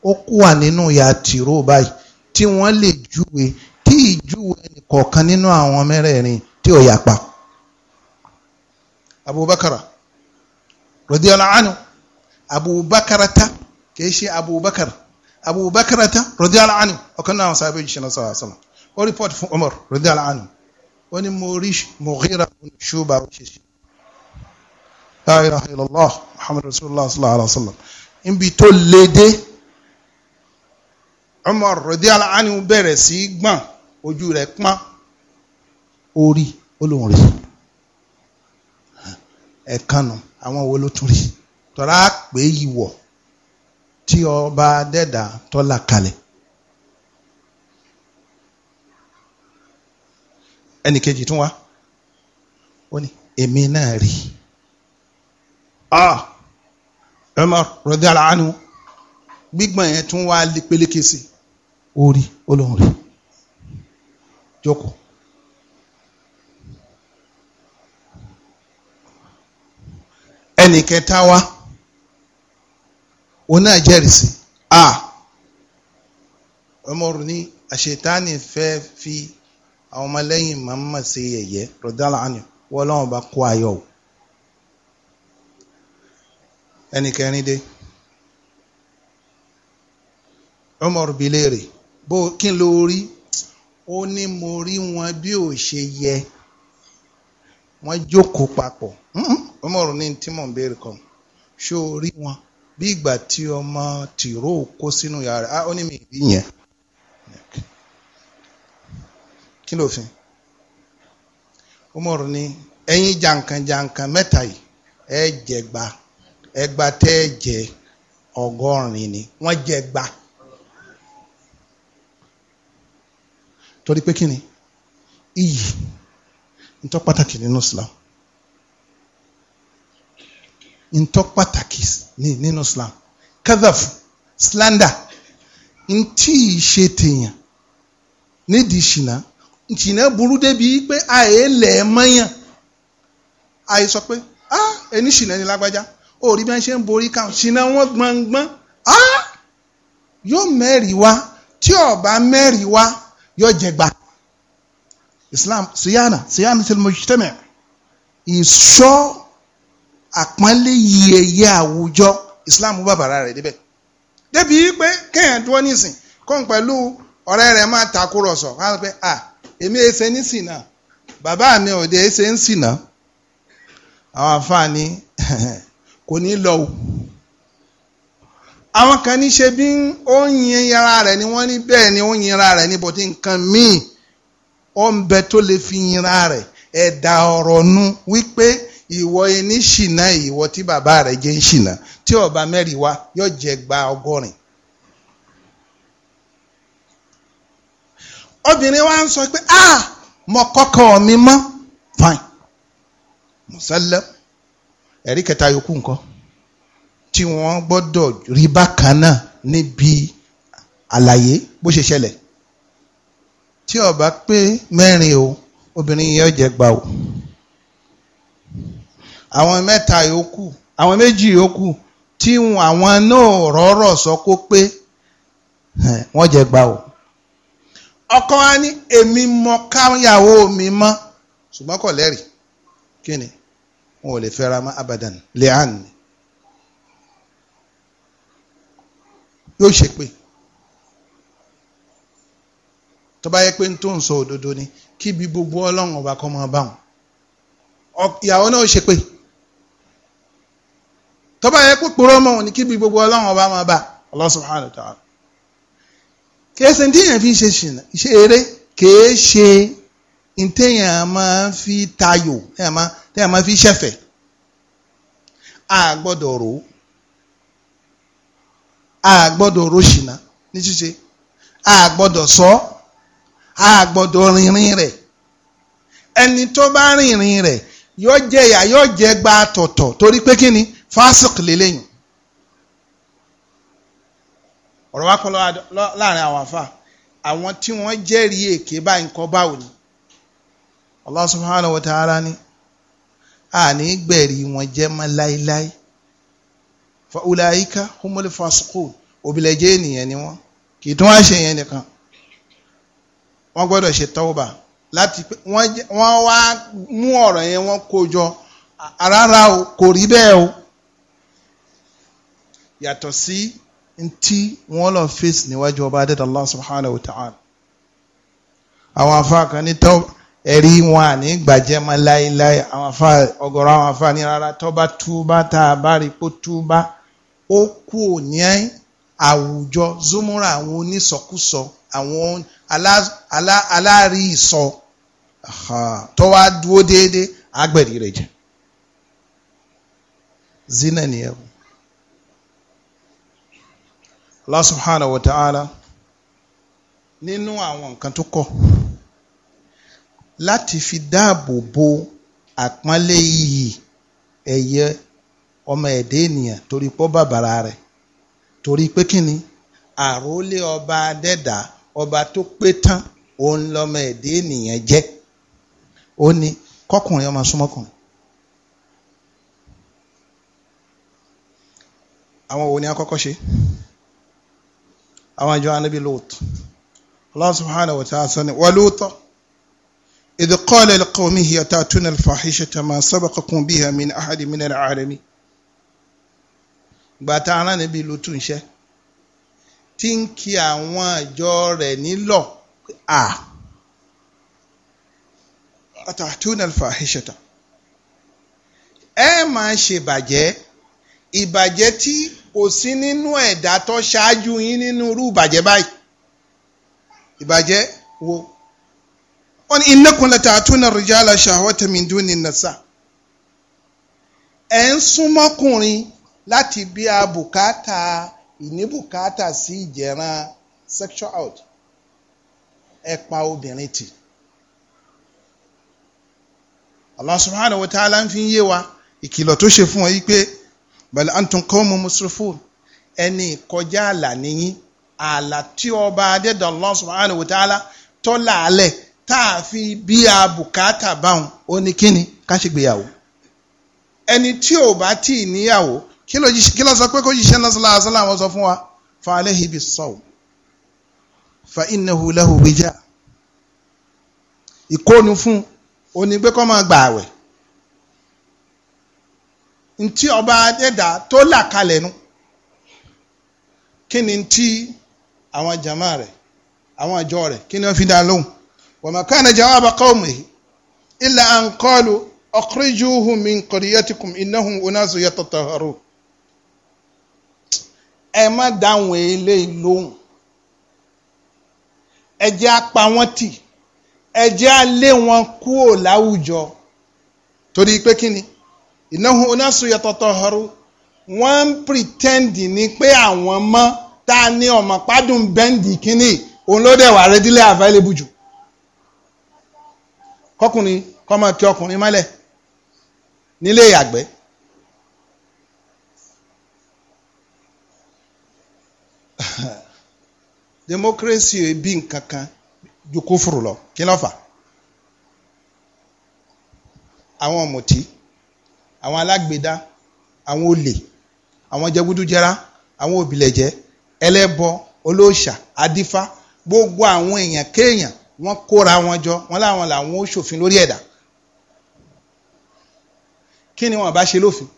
ó kú wà nínú ìyá tìró báyìí tí wọ́n lè júwe tí ìjúwe ẹnìkọ̀ọ̀kan nínú àwọn mẹ́rẹ̀ẹ̀rin tí ò yapa. Abubakar radiyallahu anhu Abubakar kì í ṣe Abubakar abubakarata radiyallahu anhu ọ̀kan náà sábà jíṣẹ́ náà sọ̀rọ̀ sọ̀rọ̀ ó rìpọ́tì fún Umar radiyallahu anhu ó ní mo rí Mughira ṣùgbà ó ṣe ṣe la ilaha illallah muhammadu rasulullah sallallahu alaihi wasallam níbi tó lé dé Umar radiyallahu anhu bẹ̀rẹ̀ sí gbọ̀n ojú rẹ̀ pọ́n orí olóhùn rẹ̀ ẹ̀kan nù àwọn wo ló tún rí tọ́ra pé yìí wọ̀ tí ọba dẹ́dà tọ́lá kalẹ̀ ẹnìkejì tún wá ó ní èmi náà rí ah Umar radiyallahu anhu gbígbọ̀n yẹn tún wá peléke sí orí olóhùn rí jókòó ẹnìkẹta wá òun náà jẹ́rìí sí a Umaru ní àṣetáni fẹ́ fi àwọn ọmọlẹ́yìn Muhammad ṣe yẹ̀yẹ́ rọ̀dálà ánì wọ́n lọ́wọ́n bá kó ayọ̀ o ẹnì kẹrin dé Umaru bi léèrè bó kí n ló rí ó ní mo rí wọn bí ò ṣe yẹ wọ́n jókòó papọ̀ Umaru ní tí mò ń béèrè kan ṣó rí wọn bí ìgbà tí ọmọ tìró kó sínú yàrá á ó ní mi ìbí yẹn kí ló fi Umaru ni ẹ̀yin jankan-jankan mẹ́ta yìí ẹ jẹgba ẹgba tẹ́ jẹ ọgọ́rin ni wọ́n jẹ torí pé kí ni iyì ń tọ́ pàtàkì nínú Islam ntọ́ ni nínú Islam kadhaf slander ntí ṣe tèèyàn nídìí ṣìnà ṣìnà burú débi pé àyè lẹ̀ mọ́yàn àyè sọ pé ah eni ṣìnà ni lágbájá ó rí bí wọ́n ṣe ń borí káwọn ṣìnà wọn gbọ̀ngbọ̀n ah yóò mẹ́rìí wá tí ọba mẹ́rìí wá yóò jẹgba Islam siyana siyana til mujtama is àpọ́nlé yẹyẹ àwùjọ islam bàbàrà rẹ̀ débẹ̀ débi pé kéèyàn dúró nísìn kóun pẹ̀lú ọ̀rẹ́ rẹ̀ máa takùrọ̀sọ̀ wọ́n á sọ pé à èmi ẹsẹ̀ e ní sìnà bàbá mi ò dé ẹsẹ̀ ń sìnà àwọn àfààní kò ní lọ o àwọn kan ní ṣe bí ó ń yin ara rẹ̀ ni wọ́n ní bẹ́ẹ̀ ni ó ń yin ara rẹ̀ ní bọ̀dé nǹkan míì ó ń bẹ tó lè fi yin ara rẹ̀ ẹ̀dà ọ̀rọ̀ nu wípé ìwọ ẹni ṣìnà ìwọ tí bàbá rẹ̀ jẹ́ ń ṣìnà tí ọba mẹ́rin wá yóò jẹ gba ọgọ́rin. obìnrin wa ń sọ pé ah mo kọ́kọ́ mi mọ́ fine mùsálẹ́ ẹ̀rí kẹta yòókù nǹkan tí wọ́n gbọ́dọ̀ rí bákan náà níbi àlàyé bó ṣe ṣẹlẹ̀ tí ọba pé mẹ́rin o obìnrin yẹn jẹ gba o àwọn mẹ́ta yòókù àwọn méjì yòókù tí àwọn náà rọ́rọ̀ sọ kó pé wọ́n jẹ gbà o. ọkọ wa ní èmi mọ káyàwó mi mọ́ ṣùgbọ́n kò lẹ́rìí kí ni wọn ò lè fẹ́ra mọ́ abadan lehan ni yóò ṣe pé tó bá yẹ pé n tó ń sọ òdodo ni kí gbogbo ọlọ́run ọba kọ́ mọ́ bá ìyàwó náà ṣe pé tọ́ba yẹ kó kpọ̀rọ̀ ọmọ òní kíbi gbogbo ọlọ́run ọba máa bá Allah subhanahu wa ta'ala kẹsẹ̀ ní tíyẹn fi ṣe ṣìnà ṣe eré kèé ṣe ntẹ̀yàn máa fi tayò tẹ̀yàn máa fi ṣẹ̀fẹ̀ a gbọ́dọ̀ rò a gbọ́dọ̀ rò ṣìnà ní ṣíṣe a gbọ́dọ̀ sọ a gbọ́dọ̀ rìnrìn rẹ̀ ẹni tó bá rìnrìn rẹ̀ yóò jẹ̀yà yóò jẹ gba tọ̀tọ̀ torí pé kí ni fásik lélẹ́yìn ọ̀rọ̀ wa kọ́ láàrin àwọn àfà àwọn tí wọ́n jẹ́rìí èké báyìí nǹkan báwo ni Allah subhanahu wa ta'ala ni àní gbẹ̀rí wọn jẹ́ mọ́ láíláí fa ulaika humul fasiqun òbílẹ̀jẹ́ ènìyàn ni wọ́n kì í tún wá ṣe yẹn nìkan wọ́n gbọ́dọ̀ ṣe tọ́wọ́bà láti pé wọ́n wá mú ọ̀rọ̀ yẹn wọ́n kó jọ rárá o kò rí bẹ́ẹ̀ o yàtọ̀ sí ntí wọ́n lọ fèsì níwájú ọba adẹ́dàá Allah subhanahu wa ta'ala àwọn afáà kan ní tọ́ ẹ̀rí wọn àní gbàjẹ́ mọ́ láéláé àwọn afáà ọ̀gọ̀rọ̀ àwọn afáà ní rárá tọ́ba túbá tá a bá rí pó túbá ó kú òní àwùjọ zúmúra àwọn onísọkúsọ àwọn aláàrí tó wá dúó déédéé àgbẹ̀rí rẹ̀ jẹ́ zina nìyẹn o Allah subhanahu wa ta'ala nínú àwọn nǹkan tó kọ̀ láti fi dáàbò bo àpọ́nlé iyì ẹ̀yẹ ọmọ ẹ̀dẹ́ ènìyàn torí pọ́ bàbàrà rẹ̀ torí pé kí ni àrólé ọba adẹ́dà ọba tó pé tán òun lọmọ ẹ̀dẹ́ ènìyàn jẹ́ ó ní kọkùnrin ọmọ súnmọ́kùnrin. àwọn wo ni a kọ́kọ́ ṣe àwọn àjọ anábì lóòtù Allah subhanahu wa ta'ala sani wa lóòtọ́ idh qala li qawmihi atatuna al-fahishata ma sabaqakum biha min ahadi min al-alamin gbàtà anábì lóòtù ń ṣe tí ń kí àwọn àjọ rẹ̀ nílọ̀ à atatuna al-fahishata ẹ máa ṣe ìbàjẹ́ tí kò sí nínú ẹ̀dá tó ṣáájú yín nínú irú ìbàjẹ́ báyìí ìbàjẹ́ wo ó ní innakum lata'tuna rijala shahwata min duni nisa ẹ̀ ń súnmọ́kùnrin láti bí a bùkátà ìní sí ìjẹran sexual out ẹ pa obìnrin tì Allah subhanahu wa ta'ala ń fi yé wa ìkìlọ̀ tó ṣe fún ọ yí pé bal antum qawmun musrifun ẹni ìkọjá àlà nìyí àlà tí ọba adẹ́dà Allah subhanahu wa ta'ala tọ́lá alẹ̀ táàfin bí a bùkátà báwọn oníkíni káṣígbéyàwó ẹni tí ò bá tí ì níyàwó kí ló sọ pé kó jíṣẹ́ náà sọ́lá àṣálà wọn sọ fún wa fa alayhi bis-sawm fa innahu lahu wija ìkóni fún onígbẹ́kọ́ máa gbà àwẹ̀ ntí ọba adẹ́dà tó là kalẹ̀ nu kí ni ntí àwọn jama rẹ̀ àwọn àjọ rẹ̀ kí ni wọ́n fi dá lóhùn wa ma kana jawaba min qaryatikum innahum unasu yatataharu ẹ má dáhùn lóhùn ẹ jẹ́ apá wọn tì ẹ jẹ́ alé wọn kúò láwùjọ torí pé kí ìnáwó onáṣù yẹtọ̀tọ̀ ọ̀rọ̀ wọ́n ń pretend ni pé àwọn mọ́ tá a ní ọmọ pádùn bẹ́ǹdì kínní òun ló dẹ̀ wà readily available jù kọkùnrin kọ́ máa tẹ ọkùnrin mọ́lẹ̀ nílé ìyàgbẹ́. democracy yìí bí nǹkan kan ju kófòrò lọ kí ló fà àwọn ọ̀mùtí àwọn alágbèdá àwọn olè àwọn jẹgúdújẹrá àwọn òbílẹ̀jẹ́ ẹlẹ́bọ olóòṣà adífá gbogbo àwọn èèyàn kéèyàn wọ́n kóra wọn jọ wọ́n láwọn làwọn ó ṣòfin lórí ẹ̀dá kí ni wọ́n bá ṣe lófin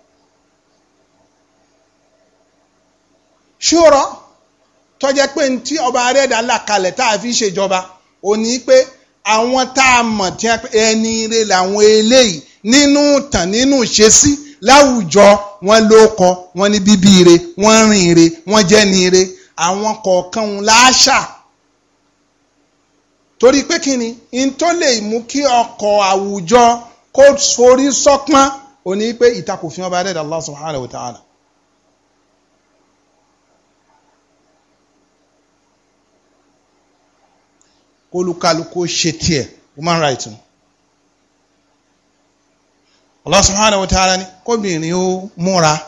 ṣúrọ tó pé ní tí ọba arẹ́dà là kalẹ̀ tá a fi ṣèjọba òní pé àwọn tá a mọ̀ tí ẹni rẹ làwọn eléyìí nínú tàn nínú ìṣesí láwùjọ wọn ló kọ wọn ní bíbí ire wọn rìn ire wọn jẹ́ ni ire àwọn kọ̀ọ̀kan ń láṣà torí pé kí ni n tó lè mú kí ọkọ̀ àwùjọ kó forí sọ́pọ́n òní pé ìtakòfin ọba adẹ́dàá Allah subhanahu wa ta'ala. kólúkálukú ṣe tiẹ̀ human rights. Allah subhanahu wa ta'ala ni kóbìnrin ó múra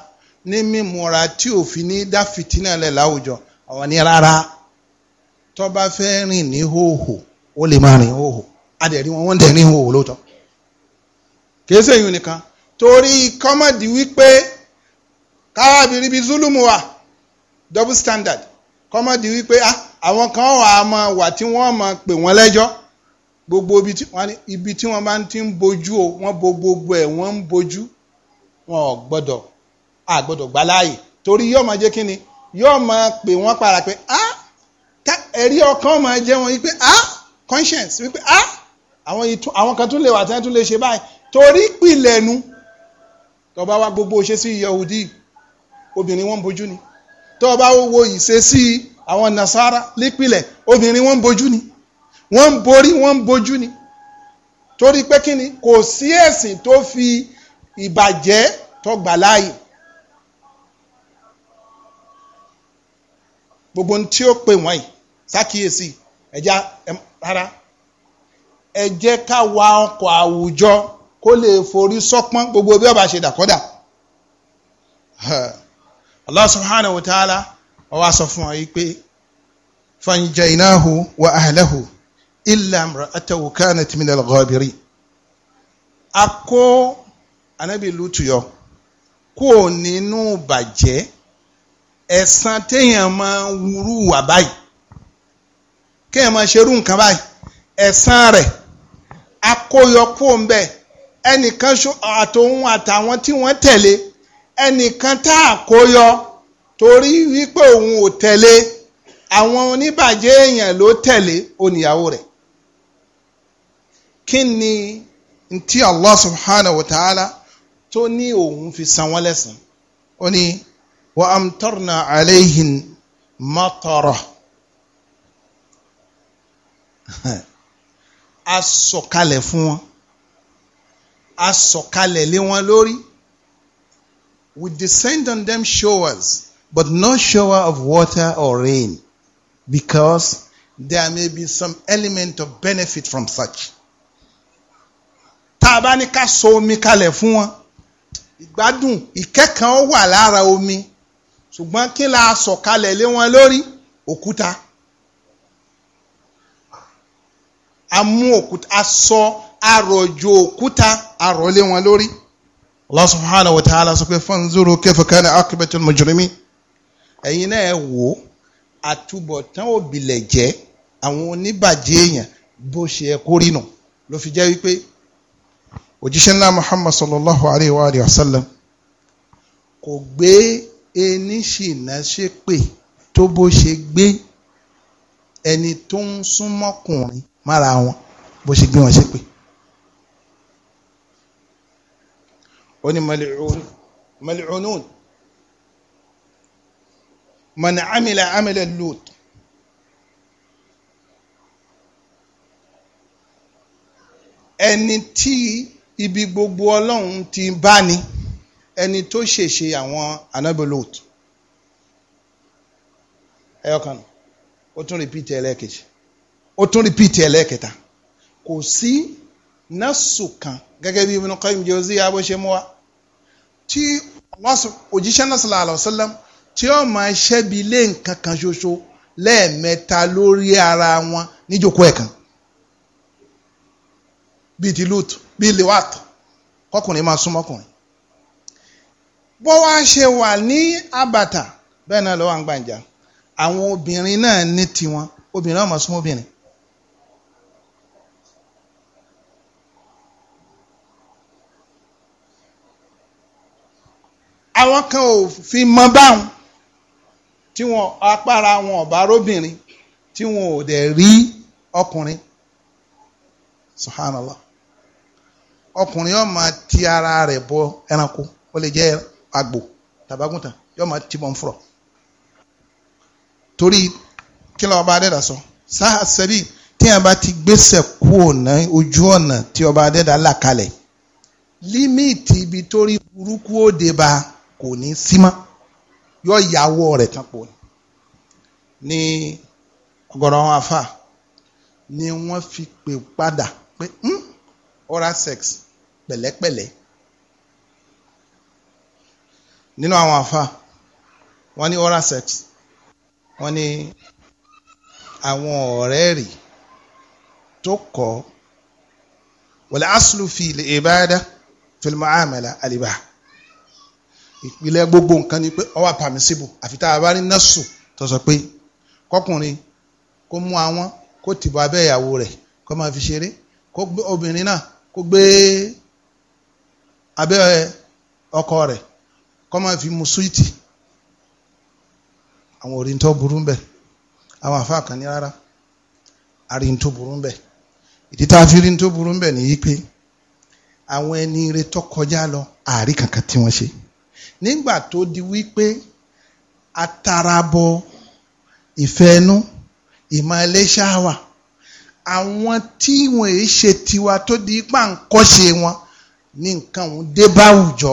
ní mímúra tí òfin ní dá fìtínà lẹ̀ láwùjọ àwọn ní rárá tó bá fẹ́ rìn ní hóhò ó lè máa rìn hóhò adẹ̀rí wọn wọ́n dẹ̀ rìn hóhò lóòótọ́ kìí sèyún nìkan torí kọ́mọ̀dì wípé káwábìrì bíi zulumu wa double standard kọ́mọ̀dì wípé ah, àwọn kan wà á máa wà tí wọ́n máa pè wọ́n lẹ́jọ́ gbogbo ibi tí wọ́n bá ti ń bojú o wọ́n bo gbogbo ẹ̀ wọ́n ń bojú wọn ò gbọ́dọ̀ a gbọ́dọ̀ gbà láàyè torí yóò máa jẹ́ kí ni yóò máa pè wọ́n para pé a ẹ̀rí ọkàn máa jẹ́ wọn wípé a conscience wípé a àwọn kan tún lè wà tí wọ́n tún lè ṣe báyìí torí pìlẹ̀ nu tó gbogbo ṣe sí yahudi obìnrin wọn bojú ni tó wo ìṣesí àwọn nasara lípìlẹ̀ obìnrin wọn bojú ni wọ́n ń borí wọ́n ń bojú ni torí pé kí ni kò sí ẹ̀sìn tó fi ìbàjẹ́ tó gbà láàyè gbogbo tí ó pè wọ́n yìí ṣàkíyèsí ẹ̀já rárá ẹ ká wa ọkọ̀ àwùjọ kó lè forí sọ́pọ́n gbogbo bí ọba ṣe dàkọ́dà Allah subhanahu wa ta'ala ó wá sọ fún wa yìí pé fanjaynahu wa ahlahu illa imra'atahu kanat min al-ghabirin a kó anabi lutu yọ kó o nínú bàjẹ́ ẹ̀san téèyàn máa wúrú wà báyìí kéèyàn máa ṣerú nǹkan báyìí ẹ̀san rẹ̀ akóyọkó ń bẹ ẹnìkan àtòun àtàwọn tí wọ́n tẹ̀lé ẹnìkan tá àkóyọ torí wípé òun ò tẹ̀lé àwọn oníbàjẹ́ èèyàn ló tẹ̀lé oníyàwó rẹ̀ kí ni tí Allah subhanahu wa ta'ala tó ní òun fi san wọ́n lẹ́sàn ó ní wa amtarna alayhin matara a sọ̀kalẹ̀ fún wọn a sọ̀kalẹ̀ lé wọn lórí we descend on them showers but no shower of water or rain because there may be some element of benefit from such tá a bá ní ká so omi kalẹ̀ fún wọn ìgbádùn ìkẹ́kàn wà lára omi ṣùgbọ́n kí la sọ̀kalẹ̀ lé wọn lórí òkúta a mú òkúta a sọ àròjò òkúta àrò lé wọn lórí. Allah subhanahu wa ta'ala sọ pé fanzuru kayfa kana aqibatul mujrimin ẹ̀yin náà ẹ wò ó àtúbọ̀tán òbílẹ̀ jẹ́ àwọn oníbàjẹ́ èèyàn bó ṣe ẹ kórìnà ló fi jẹ́ wípé òjíṣẹ́ ńlá muhammad sallallahu alayhi wa alihi wa sallam kò gbé ẹni ṣìnà ṣépè tó bó ṣe gbé ẹni tó ń súnmọ́kùnrin mára wọn bó ṣe gbé wọn ṣépè. ó ní mal'unun man amila amila lut ẹni tí ibi gbogbo ọlọ́run ti bá ni ẹni tó ṣèṣe àwọn anábìlót ẹyọkan ó tún rìpíìtì ẹlẹ́ẹ̀kejì ó tún rìpíìtì ẹlẹ́ẹ̀kẹta kò sí násù kan gẹ́gẹ́ bí Ibn Qayyim Jawziyya bó ṣe mú wa tí òjíṣẹ́ náà sallallahu alaihi wasallam tí ó máa ṣẹ́bi lé nǹkan kan ṣoṣo lẹ́ẹ̀mẹ́ta lórí ara wọn níjókòó ẹ̀kan bíi ti lóòtù bíi lewat kọkùnrin máa súnmọ́ ọkùnrin bó wá ṣe wà ní abàtà bẹ́ẹ̀ náà lọ́wọ́ à ń gbàǹjà àwọn obìnrin náà ní tiwọn obìnrin náà máa súnmọ́ obìnrin. àwọn kan ò fi mọ báwọn tí wọn apára wọn ọba róbìnrin tí wọn ò dẹ̀ rí ọkùnrin subhanallah ọkùnrin yóò máa ti ara rẹ̀ bọ ẹranko ó lè jẹ́ àgbò tàbágùntàn yóò máa ti bọ̀ ń fọ̀rọ̀ torí kí lọ́wọ́ bá dẹ́dà sọ sáà sẹ́bí tí a bá ti gbéṣẹ̀ kú ọ̀nà ojú ọ̀nà tí ọba adẹ́dà là kalẹ̀ límìtì ibi tó burúkú òde bá kò ní sí mọ́ yóò yàwó rẹ̀ tán pò ní ọ̀gọ̀rọ̀ àwọn afa ni wọ́n fi pè padà pé ọ̀rá hmm, sex pẹ̀lẹ́pẹ̀lẹ́ nínú àwọn àfa wọ́n ní oral sex wọ́n ní àwọn ọ̀rẹ́ rì tó kọ́ wal aslu fi lè ìbáadá fil muamala àlìbá ìpìlẹ̀ gbogbo nǹkan ni pé ó wà permissible àfi tá a bá rí nọ́ọ̀sù tó sọ pé kọkùnrin kó mú àwọn kó tìbọ̀ abẹ́ ìyàwó rẹ̀ kó máa fi ṣeré kó obìnrin náà kó gbé Abe ọkọ rẹ, kọma fi mu suwiti, àwọn òrìn tó burú bẹ̀ àwọn àfa kan ní rárá àrìn tó burú bẹ̀ ìdí tá a fi rìn tó burú bẹ̀ nìyí pé àwọn ẹni ire tó kọjá lọ àárí kankan tí wọ́n ṣe nígbà tó di wípé atarabọ ìfẹ́nu ìmọ̀lẹ́ṣáwà àwọn tí wọ́n èé ṣe tiwa tó di ipa ń kọ́ṣe wọn ní nǹkan òun dé bá àwùjọ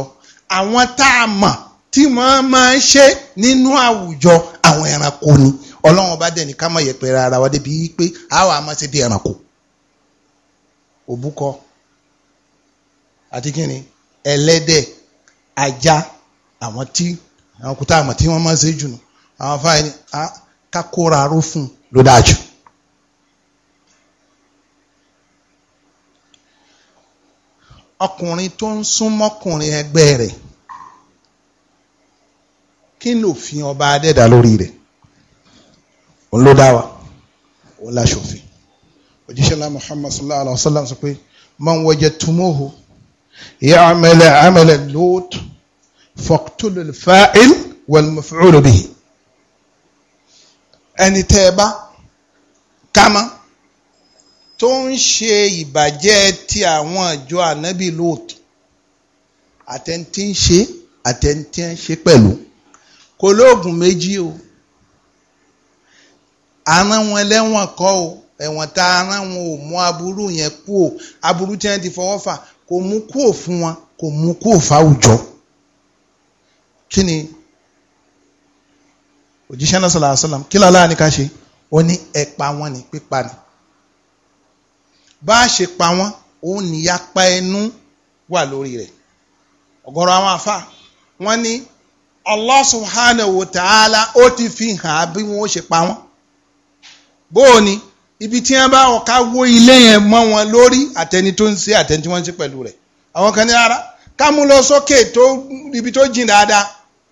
àwọn tá a mọ̀ tí wọ́n máa ń ṣe nínú àwùjọ àwọn ẹranko ni ọlọ́run bá dẹ̀ ní ká mọ̀ yẹpẹrẹ ara wa débi pé a wà máa ṣe bí ẹranko òbúkọ àti kíni ẹlẹ́dẹ̀ ajá àwọn tí àwọn kúta àmọ̀ tí wọ́n máa ń ṣe jù nù àwọn fáyẹn ká kóra aró ló dáa jù. ọkùnrin tó ń súnmọ́kùnrin ẹgbẹ́ rẹ̀ kí ni òfin ọba adẹ́dà lórí rẹ̀ òun ló dá wa òun la ṣòfin òjíṣẹ́ lá muhammad sallallahu alayhi wa sallam sọ pé man wajadtumuhu ya'malu 'amala Lut faqtulul fa'il wal maf'ul bihi ẹni tẹ́ ẹ bá kámá tó ń ṣe ìbàjẹ́ ti àwọn ìjọ ànábì lóòtọ́ àtẹ̀ntì ń ṣe àtẹ̀ntì ń ṣe pẹ̀lú kò lóògùn méjì o àrán wọn lẹ́wọ̀n kọ́ o ẹ̀wọ̀n tá àrán wọn ò mú aburú yẹn kú o aburú tí wọ́n ti fọwọ́ fà kò mú kú ò fún wọn kò mú kú ò fáwùjọ kí ni òjíṣẹ́ náà sallallahu alaihi wasallam kí lálẹ́ àníkà ṣe ó ní ẹ̀ wọn ní pípa ni bá a ṣe pa wọ́n òun níyapa ẹnu wà lórí rẹ̀ ọ̀gọ̀rọ̀ àwọn afa wọ́n ní Allah subhanahu wa ta'ala ó ti fi hàn á bí wọ́n ṣe pa wọ́n bóò ni ibi tí wọ́n bá ọ̀ka wó ilé yẹn mọ́ wọn lórí àtẹni tó ń ṣe àtẹni tí wọ́n ń ṣe pẹ̀lú rẹ̀ àwọn kan ní ara ká mú lọ sókè tó ibi tó jìn dáadáa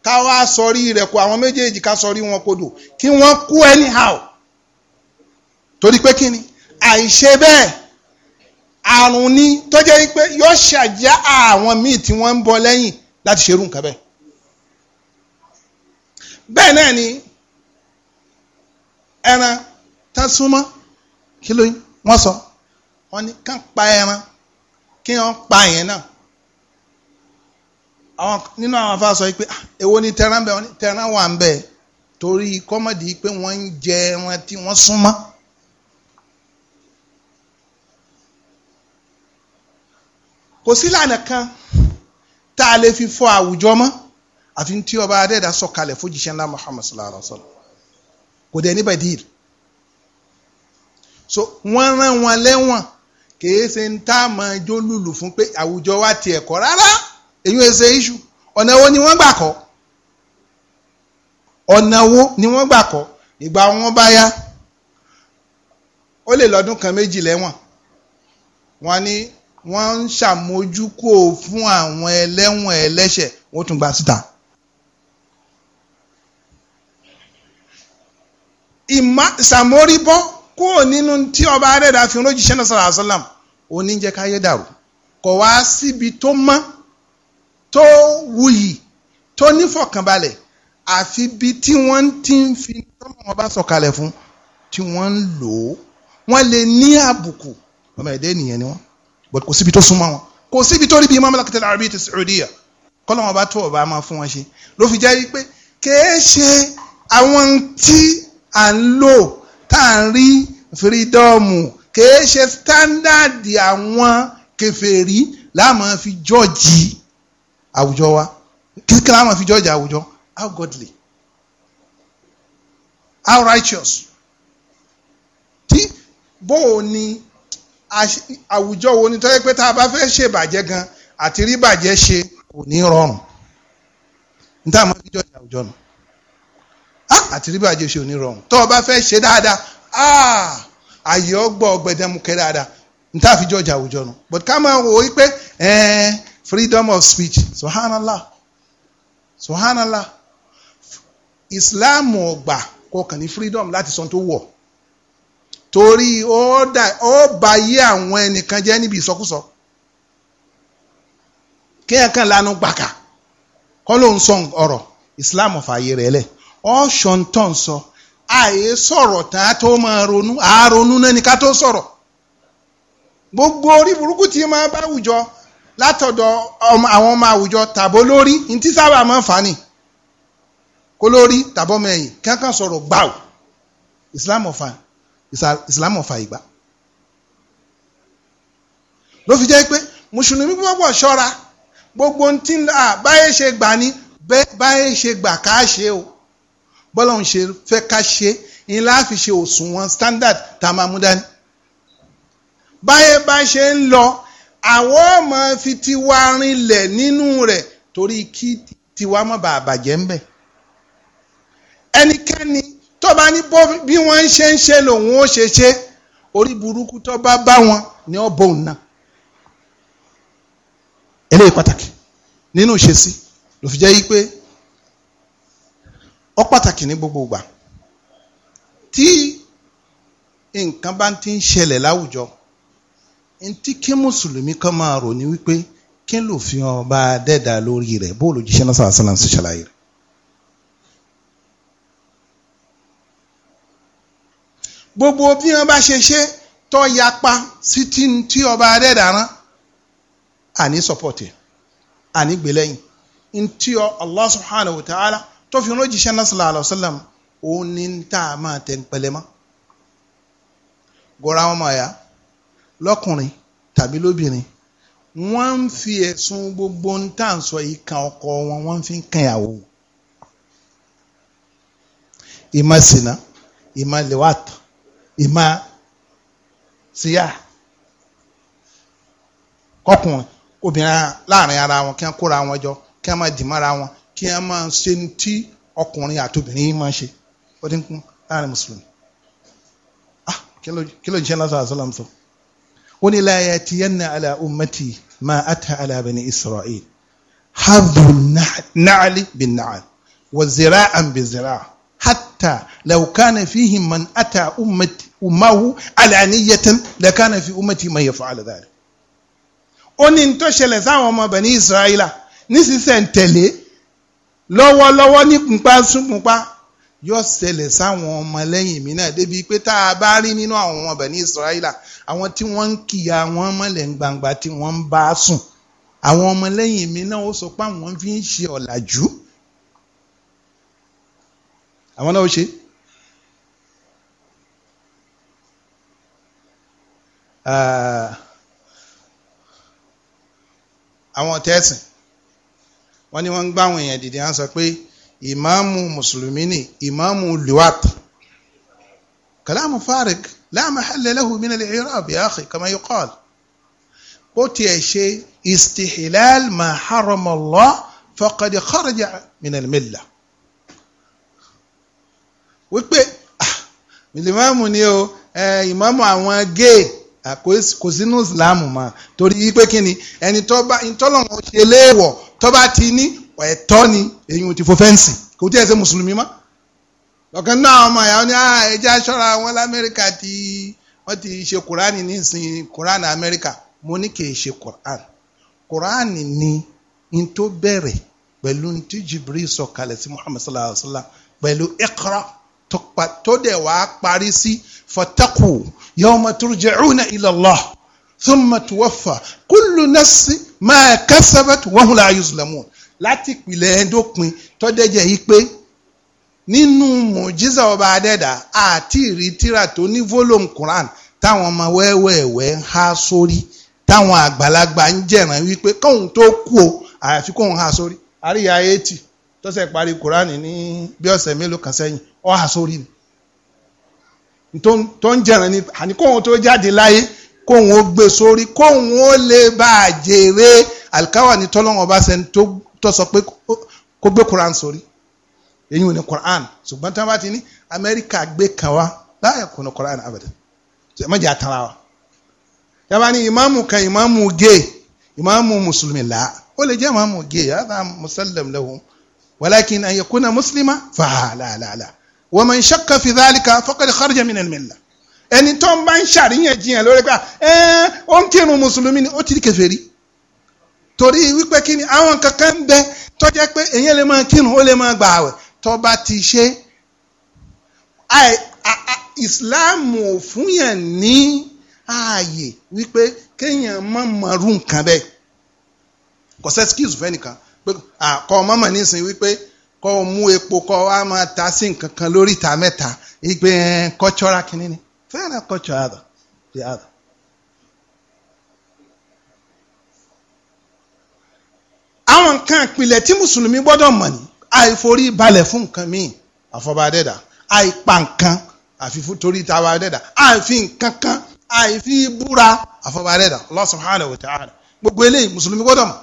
ká wá sọrí rẹ̀ kó àwọn méjèèjì ká sọrí wọn kodò kí wọ́n kú anyhow torí pé kí ni àìṣe bẹ́ẹ̀ àrùn ni tó jẹ́ pé yóò ṣàjá àwọn míì tí wọ́n ń bọ̀ lẹ́yìn láti ṣerú nǹkan bẹ́ẹ̀. bẹ́ẹ̀ náà ni ẹran tá súnmọ́ kí ló wọ́n sọ wọ́n ní kán pa ẹran kí wọ́n pa yẹn náà àwọn nínú àwọn afá sọ pé ah, èwo ni tẹran bẹ́ẹ̀ tẹran wà ń bẹ́ẹ̀ torí kọ́mọ̀dì pé wọ́n ń jẹ ẹran tí wọ́n súnmọ́. kò sí ìlànà kan tá a lè fi fọ àwùjọ mọ́ àfi tí ọba adẹ́dà sọ̀kalẹ̀ fójíṣẹ́ ńlá Muhammad sallallahu alaihi wa sallam kò dẹ̀ ní badil so wọ́n rán wọn lẹ́wọ̀n kìí ṣe ń tá a máa jó lùlù fún pé àwùjọ wa ti ẹ̀kọ́ rárá èyí ò ṣe iṣu ọ̀nà wo ni wọ́n gbà kọ́ ọ̀nà wo ni wọ́n gbà kọ́ ìgbà wọn bá yá ó lè lọ́dún kan méjì lẹ́wọ̀n wọn ní wọ́n ń ṣàmójúkò fún àwọn ẹlẹ́wọ̀n ẹlẹ́ṣẹ̀ wọ́n tún gba síta. ìmá sàmórìbọ́ kúrò nínú tí ọba arẹ́dà fi ránjíṣẹ́ náà sọ̀rọ̀ àṣọlám oníjẹ́ káyé dàrú kò wá síbi tó mọ́ tó wuyì tó nífọ̀kànbalẹ̀ àfi bí tí wọ́n ti ń fi tọ́lọ́ wọn bá sọ̀kalẹ̀ fún tí wọ́n ń lò ó wọ́n lè ní àbùkù ọmọ ẹ̀dẹ́ ènìyàn ni wọ́n but kò síbi tó súnmọ́ wọn kò síbi tó rí bí mamlakatul arabiya ti saudiya kọ́lọ́ wọn bá tó ọba máa fún wọn ṣe ló fi jẹ́ pé kèé ṣe àwọn tí à ń lò tá à ń rí fírídọ́ọ̀mù kèé ṣe sítándàdì àwọn kèfèrí láàmú fi jọ́ọ̀jì àwùjọ wa kíkẹ́ láàmú fi jọ́ọ̀jì àwùjọ how godly how righteous tí bóò ni àwùjọ wo ni tọ́jú pé tá a bá fẹ́ ṣèbàjẹ́ gan àti rí bàjẹ́ ṣe kò ní rọrùn ní táwọn ọmọ ìjọ àwùjọ nù àti rí bàjẹ́ ṣe ò ní rọrùn tọ́ ọ bá fẹ́ ṣe dáadáa ààyè ọgbọ́ ọgbẹ̀dẹ̀mukẹ́ dáadáa ní táwọn àfijọ́ ọjà àwùjọ nù but ká máa wò ó freedom of speech subhanallah subhanallah islam ọgbà kọkàn freedom láti sọ tó wọ̀ torí ó bá yé àwọn ẹnìkan jẹ́ níbi ìsọkúsọ kéèyàn kan lanu gbàkà kọ́ ló ń sọ ọ̀rọ̀ Islam fààyè rẹ̀ lẹ̀ ọ̀ṣọ́ ń tàn sọ àyè sọ̀rọ̀ tá a tó máa ronú àáronú náà ni ká tó sọ̀rọ̀ gbogbo orí burúkú tí máa bá àwùjọ látọ̀dọ̀ àwọn ọmọ àwùjọ tàbó lórí ní sábà máa ń fà ní kó lórí tàbọ́mọ ẹ̀yìn kankan sọ̀rọ̀ gbàù Islam ọ̀fà Islam ọ̀fà ìgbà ló fi jẹ́ pé mùsùlùmí gbọ́dọ̀ ṣọ́ra gbogbo ohun tí báyé ṣe gbà ní báyé ṣe gbà ká ṣe o bọ́lá ń ṣe fẹ́ ká ṣe ni la ṣe òṣùwọ̀n standard tá a máa mú dání báyé bá ṣe ń lọ àwọn ọmọ fi tiwa rinlẹ̀ nínú rẹ̀ torí kí tiwa má bàa ń bẹ̀ ẹnikẹ́ni tó bá ní bí wọ́n ń ṣe ń ṣe lòun ó ṣe ṣe orí burúkú tó bá bá wọn ni ó bò ń ná eléyìí pàtàkì nínú ìṣesí ló fi jẹ́ yí pé ó pàtàkì ní gbogbo ìgbà tí nǹkan bá ti ń ṣẹlẹ̀ láwùjọ ntí kí mùsùlùmí kan máa rò ní wípé kí lòfin ọba dẹ́dà lórí rẹ̀ bó lójúṣẹ́ náà sàásánà ṣe ṣàlàyé rẹ̀. gbogbo bí wọ́n bá ṣe ṣe tó yapa sí tí ọba adẹ́dàrán àní sọpọ́tì àní gbẹlẹ́yìn ntí ọ Allah subhanahu wa ta'ala tó fi ránjíṣẹ́ náà sallallahu alaihi wasallam òun ní tá a máa tẹ̀ ń pẹlẹ́ mọ́ gọ́ra wọn máa yá lọ́kùnrin tàbí lóbìnrin wọ́n ń fi ẹ̀sùn gbogbo ń tà ń sọ yìí kan ọkọ wọn wọ́n fi ń kan ìyàwó ìmọ̀ sínà ìmọ̀ lewat ìmọ̀ síyà kọkùnrin obìnrin láàrin ara wọn kí wọ́n kóra wọn jọ kí wọ́n máa dì mọ́ra wọn kí wọ́n máa ṣe ní tí ọkùnrin àti obìnrin yìí máa ṣe ó ti ń kún láàrin mùsùlùmí ah kí ló ń ṣe lọ́sọ̀ àṣọlọ́m sọ ó ní la ya'tiyanna ala ummati ma ata ala bani isra'il hadhu na'li bin na'l wa zira'an bi zira' hatta law kana man ata ummati umahu alaniyatan lakana fi ummati man yaf'al dhalik ó ní tó ṣẹlẹ̀ sáwọn ọmọ bẹ̀ní israẹla ní sísẹ̀ntẹ̀lé lọ́wọ́lọ́wọ́ ní pupa súnpupa yóò ṣẹlẹ̀ sáwọn ọmọ lẹ́yìn mi náà débi pé tá a bá rí nínú àwọn ọmọ bẹ̀ní israẹla àwọn tí wọ́n ń kìyà wọn mọ́lẹ̀ ń gbangba tí wọ́n ń bá sùn àwọn mi náà ó sọ pé àwọn fi ń ṣe ọ̀làjú àwọn náà ó Uh, àwọn tẹ́sìn wọ́n ní wọ́n ń gbá àwọn èèyàn dìde wọ́n sọ pé ìmáàmù mùsùlùmí ni ìmáàmù luwat kàlámù fárig la mahalla lahu min al-i'rab ya akhi kama yuqal bó tiẹ̀ ṣe istihlal ma harama Allah faqad kharaja min al wípé ah, ìmáàmù ni o eh, ìmáàmù àwọn géè Ah, kò sínú islam mọ́ torí pé kí ni ẹni tọ́lọ́run ṣe léèwọ̀ tọ́ba ti ní ẹ̀tọ́ ni èyí ti fo fẹ́ǹsì kò tí ẹ̀ ṣe mùsùlùmí mọ́ ọ̀kan náà ọmọ ìyá ni ah, ẹja ṣọ́ra wọn lamẹ́ríkà ti wọ́n ti ṣe kùránì nísìnyí kùránì amẹ́ríkà mo ní kì í ṣe kùránì kùránì ni n tó bẹ̀rẹ̀ pẹ̀lú tí jibril sọ kalẹ̀ sí muhammad sallallahu alayhi wa sallam pẹ̀lú iqra tó dẹ̀ wá parí sí fataku yawma turja'una ila Allah thumma tuwaffa kullu nafsin ma kasabat wa hum la yuzlamun láti pìlẹ̀ ẹ̀ńdópin tọ́dẹ́jẹ́ yìí pé nínú mùjísà ọba adẹ́dà àti ìrìtìrà tó ní volume Quran táwọn ọmọ wẹ́wẹ́wẹ́ ń há sórí táwọn àgbàlagbà ń jẹ̀ràn wípé kóun tó kú o àyàfi kóun há sórí àríyá eighty tọ́sẹ̀ parí Quran ní bí ọ̀sẹ̀ mélòó kan sẹ́yìn ó há sórí ni tó ń jẹ̀ràn ni àní kóhun tó jáde láyé kóhun ó gbé sórí kóhun ó lè bá a jèrè àlìkáwà ní tọ́lọ́wọ́n ọba sẹ́ni tó sọ pé kó gbé Quran sórí èyí ò ní Quran ṣùgbọ́n tí wọ́n bá ti ní Amẹ́ríkà gbé kan wá láyé kò ní Quran abadan ṣe má jẹ́ àtàrà wa yàrá ni ìmáàmù kan ìmáàmù gay ìmáàmù mùsùlùmí là ó lè jẹ́ ìmáàmù gay yàrá musallam lahu walakin an yakuna muslima fa wa man shakka ذلك dhalika faqad من min al-millah ẹni tó ń bá ń ṣàríyànjiyàn lórí pé ẹ ó ń kírun mùsùlùmí ni ó ti di kèfèrí torí wípé kí ni àwọn kankan ń bẹ tó jẹ́ pé èyàn lè máa kírun ó lè máa gbà àwẹ̀ tó bá ti ṣe ìsìláàmù ò fúnyàn ní ààyè wípé kéèyàn má mọ̀rú nǹkan bẹ́ẹ̀ kò sẹ́ excuse fẹ́ nìkan pé àkọ́ ọmọ nísìnyí wípé kọ́ ọ mú epo kọ́ ọ máa ta sí nǹkan kan lórí ìta mẹ́ta ìgbẹ́ cultural kìíní ni fẹ́ràn culture àdọ̀ di àdọ̀. àwọn nǹkan ìpìlẹ̀ tí mùsùlùmí gbọ́dọ̀ mọ̀ ní àìforí balẹ̀ fún nǹkan míì àfọba dẹ́dà àìpa nǹkan àfi torí tàwa dẹ́dà àìfi nǹkan kan àìfi búra àfọba dẹ́dà Allah subhanahu wa ta'ala gbogbo eléyìí mùsùlùmí gbọ́dọ̀ mọ̀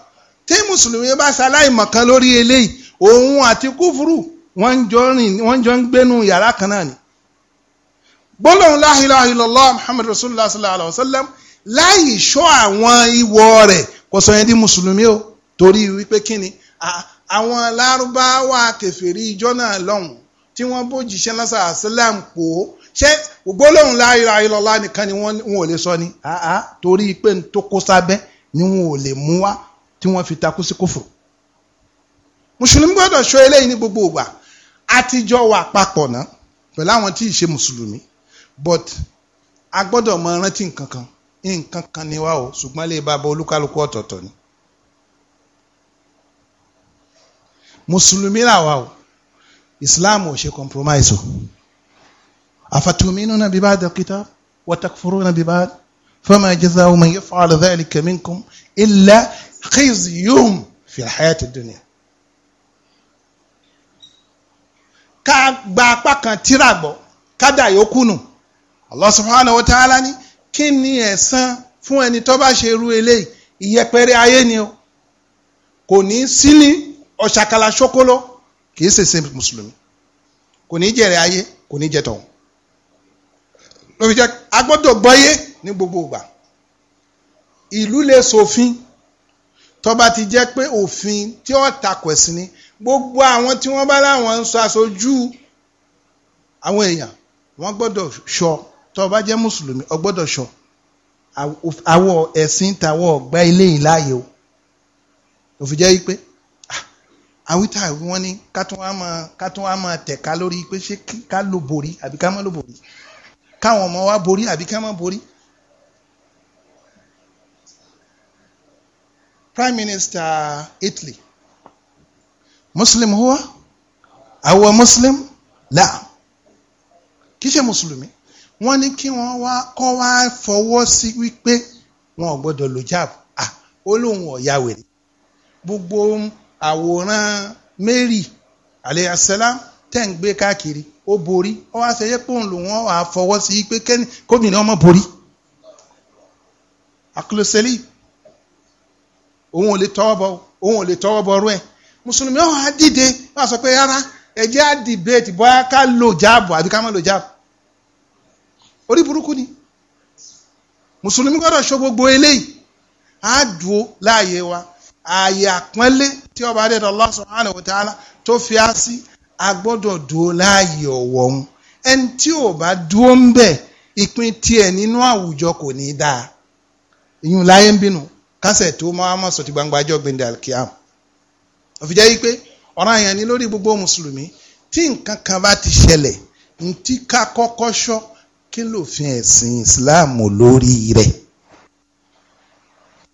tí mùsùlùmí bá ṣaláìmọ̀ lórí eléyìí òun àti kúfúrú wọ́n jọ ń gbénu yàrá kan náà ni gbólóhùn la ilaha illallah muhammadu rasulullah sallallahu alaihi wasallam láì ṣọ́ àwọn ìwọ̀ rẹ̀ kò sọ yẹn di mùsùlùmí o torí wípé kíni àwọn lárúbáwá kẹfìrí ìjọ náà lọ́hùn tí wọ́n bójìṣẹ́ lásà àṣìlám pò ó ṣé gbólóhùn la ilaha illallah nìkan ni wọ́n ò lè sọ ni torí pé n tó kó sábẹ́ ni wọ́n ò lè mú wá tí wọ́n fi takú sí kófòrò mùsùlùmí gbọ́dọ̀ ṣọ́ eléyìí ní gbogbo ìgbà àtijọ́ wà papọ̀ ná pẹ̀lú àwọn tí ì ṣe mùsùlùmí but a gbọ́dọ̀ mọ rántí nǹkan kan nǹkan kan ni wá o ṣùgbọ́n lè bá bọ olúkálukú ọ̀tọ̀ọ̀tọ̀ ni. mùsùlùmí làwa o islam ò ṣe compromise o afatuminuna bi ba'd al-kitab wa takfuruna bi ba'd fama jaza'u man yaf'alu dhalika minkum illa khizyun ká gba apá kan tíra gbọ́ ká dà yòókù nù Allah subhanahu wa ta'ala ní kí ni ẹ̀san fún ẹni tó bá ṣe irú eléyìí ìyẹpẹrẹ ayé ni o kò ní sí ní ọ̀ṣàkàlà ṣókóló kì í ṣèṣe mùsùlùmí kò ní jèrè ayé kò ní jẹ tọ̀hún ló fi jẹ́ agbọ́dọ̀ gbọ́yé ní gbogbo ìgbà ìlú lè ṣòfin tó ti jẹ́ pé òfin tí ó takò ẹ̀sìn ni gbogbo àwọn tí wọ́n bá láwọn ń sọ aṣojú àwọn èèyàn wọ́n gbọ́dọ̀ sọ tó o bá jẹ́ mùsùlùmí o gbọ́dọ̀ sọ àwọ̀ ẹ̀sìn tàwọ̀ ọ̀gbá eléyìí láàyè o tó fi jẹ́ pé àwítà wọn ni ká tún wá máa ká tún wá máa tẹ̀ka lórí pé ṣé ká lo borí àbí ká má lo borí káwọn ọmọ wa borí àbí ká má borí. Prime Minister Italy muslim huwa àwọ muslim là kì í ṣe mùsùlùmí wọ́n ní kí wọ́n wá kọ́ wá fọwọ́ sí wípé wọn ò gbọ́dọ̀ lò jáàb ah ó lóun ọ̀ya wèrè gbogbo àwòrán Mary aleyhisselam tẹ̀ ń gbé káàkiri ó borí ó wá ṣe yẹ pé òun lò wọ́n wàá fọwọ́ sí pé kómìnà ọmọ borí àkùlọ̀sẹ́lì òun ò lè tọwọ́ bọ òun ò lè tọwọ́ bọ rú ẹ̀ mùsùlùmí ọ̀hún á dìde wọ́n á sọ pé rárá ẹ jẹ́ á dìbẹ́ẹ̀tì bóyá ká lo jáàbù àbí ká má lo jáàbù orí burúkú ni mùsùlùmí gbọ́dọ̀ ṣo gbogbo eléyìí á dùn láàyè wa ààyè àpọ́nlé tí ọba adédọ̀ Allah subhanahu wa ta'ala tó fi á sí a gbọ́dọ̀ dùn láàyè ọ̀wọ̀ òun ẹni tí ò bá dúró ń bẹ̀ ìpín tiẹ̀ nínú àwùjọ kò ní dáa ìyún láyé ń bínú kásẹ̀ tó máa mọ̀ sọ̀tì gbangba ọjọ́ gbẹ̀ndẹ̀ alkiyam òfin jẹ́ wípé ọ̀ràn yẹn ni lórí gbogbo mùsùlùmí tí nǹkan kan bá ti ṣẹlẹ̀ ntí ká kọ́kọ́ ṣọ́ kí lòfin ẹ̀sìn Islam lórí rẹ̀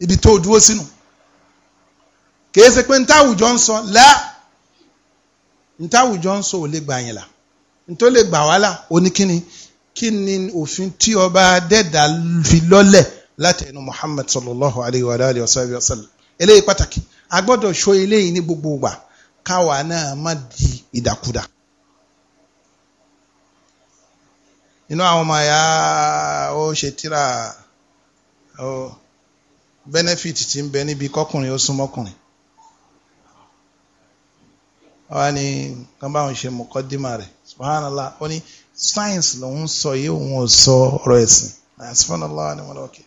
ibi tó dúró sínú kìí ṣe pé ntáwùjọ ń sọ lá ntáwùjọ ń sọ ò lè gbà yín là ntó lè gbà wá là oníkíni kí ni òfin tí ọba adẹ́dà fi lọ́lẹ̀ láti ẹnu Muhammad sallallahu alayhi wa alayhi wa sallam eléyìí pàtàkì a gbọ́dọ̀ ṣọ́ eléyìí ní gbogbo ìgbà káwa náà má di ìdàkudà. inú àwọn ọmọ ya ó ṣe tíra ó benefit ti ń bẹ níbi kọkùnrin ó súnmọ́ ọkùnrin wọ́n ní kán báwọn ṣe mọ̀kọ́dímà rẹ̀ subhanallah ó ní science lòun sọ yìí òun ò sọ ọ̀rọ̀ ẹ̀sìn subhanallah ni wọ́n lọ́kẹ́.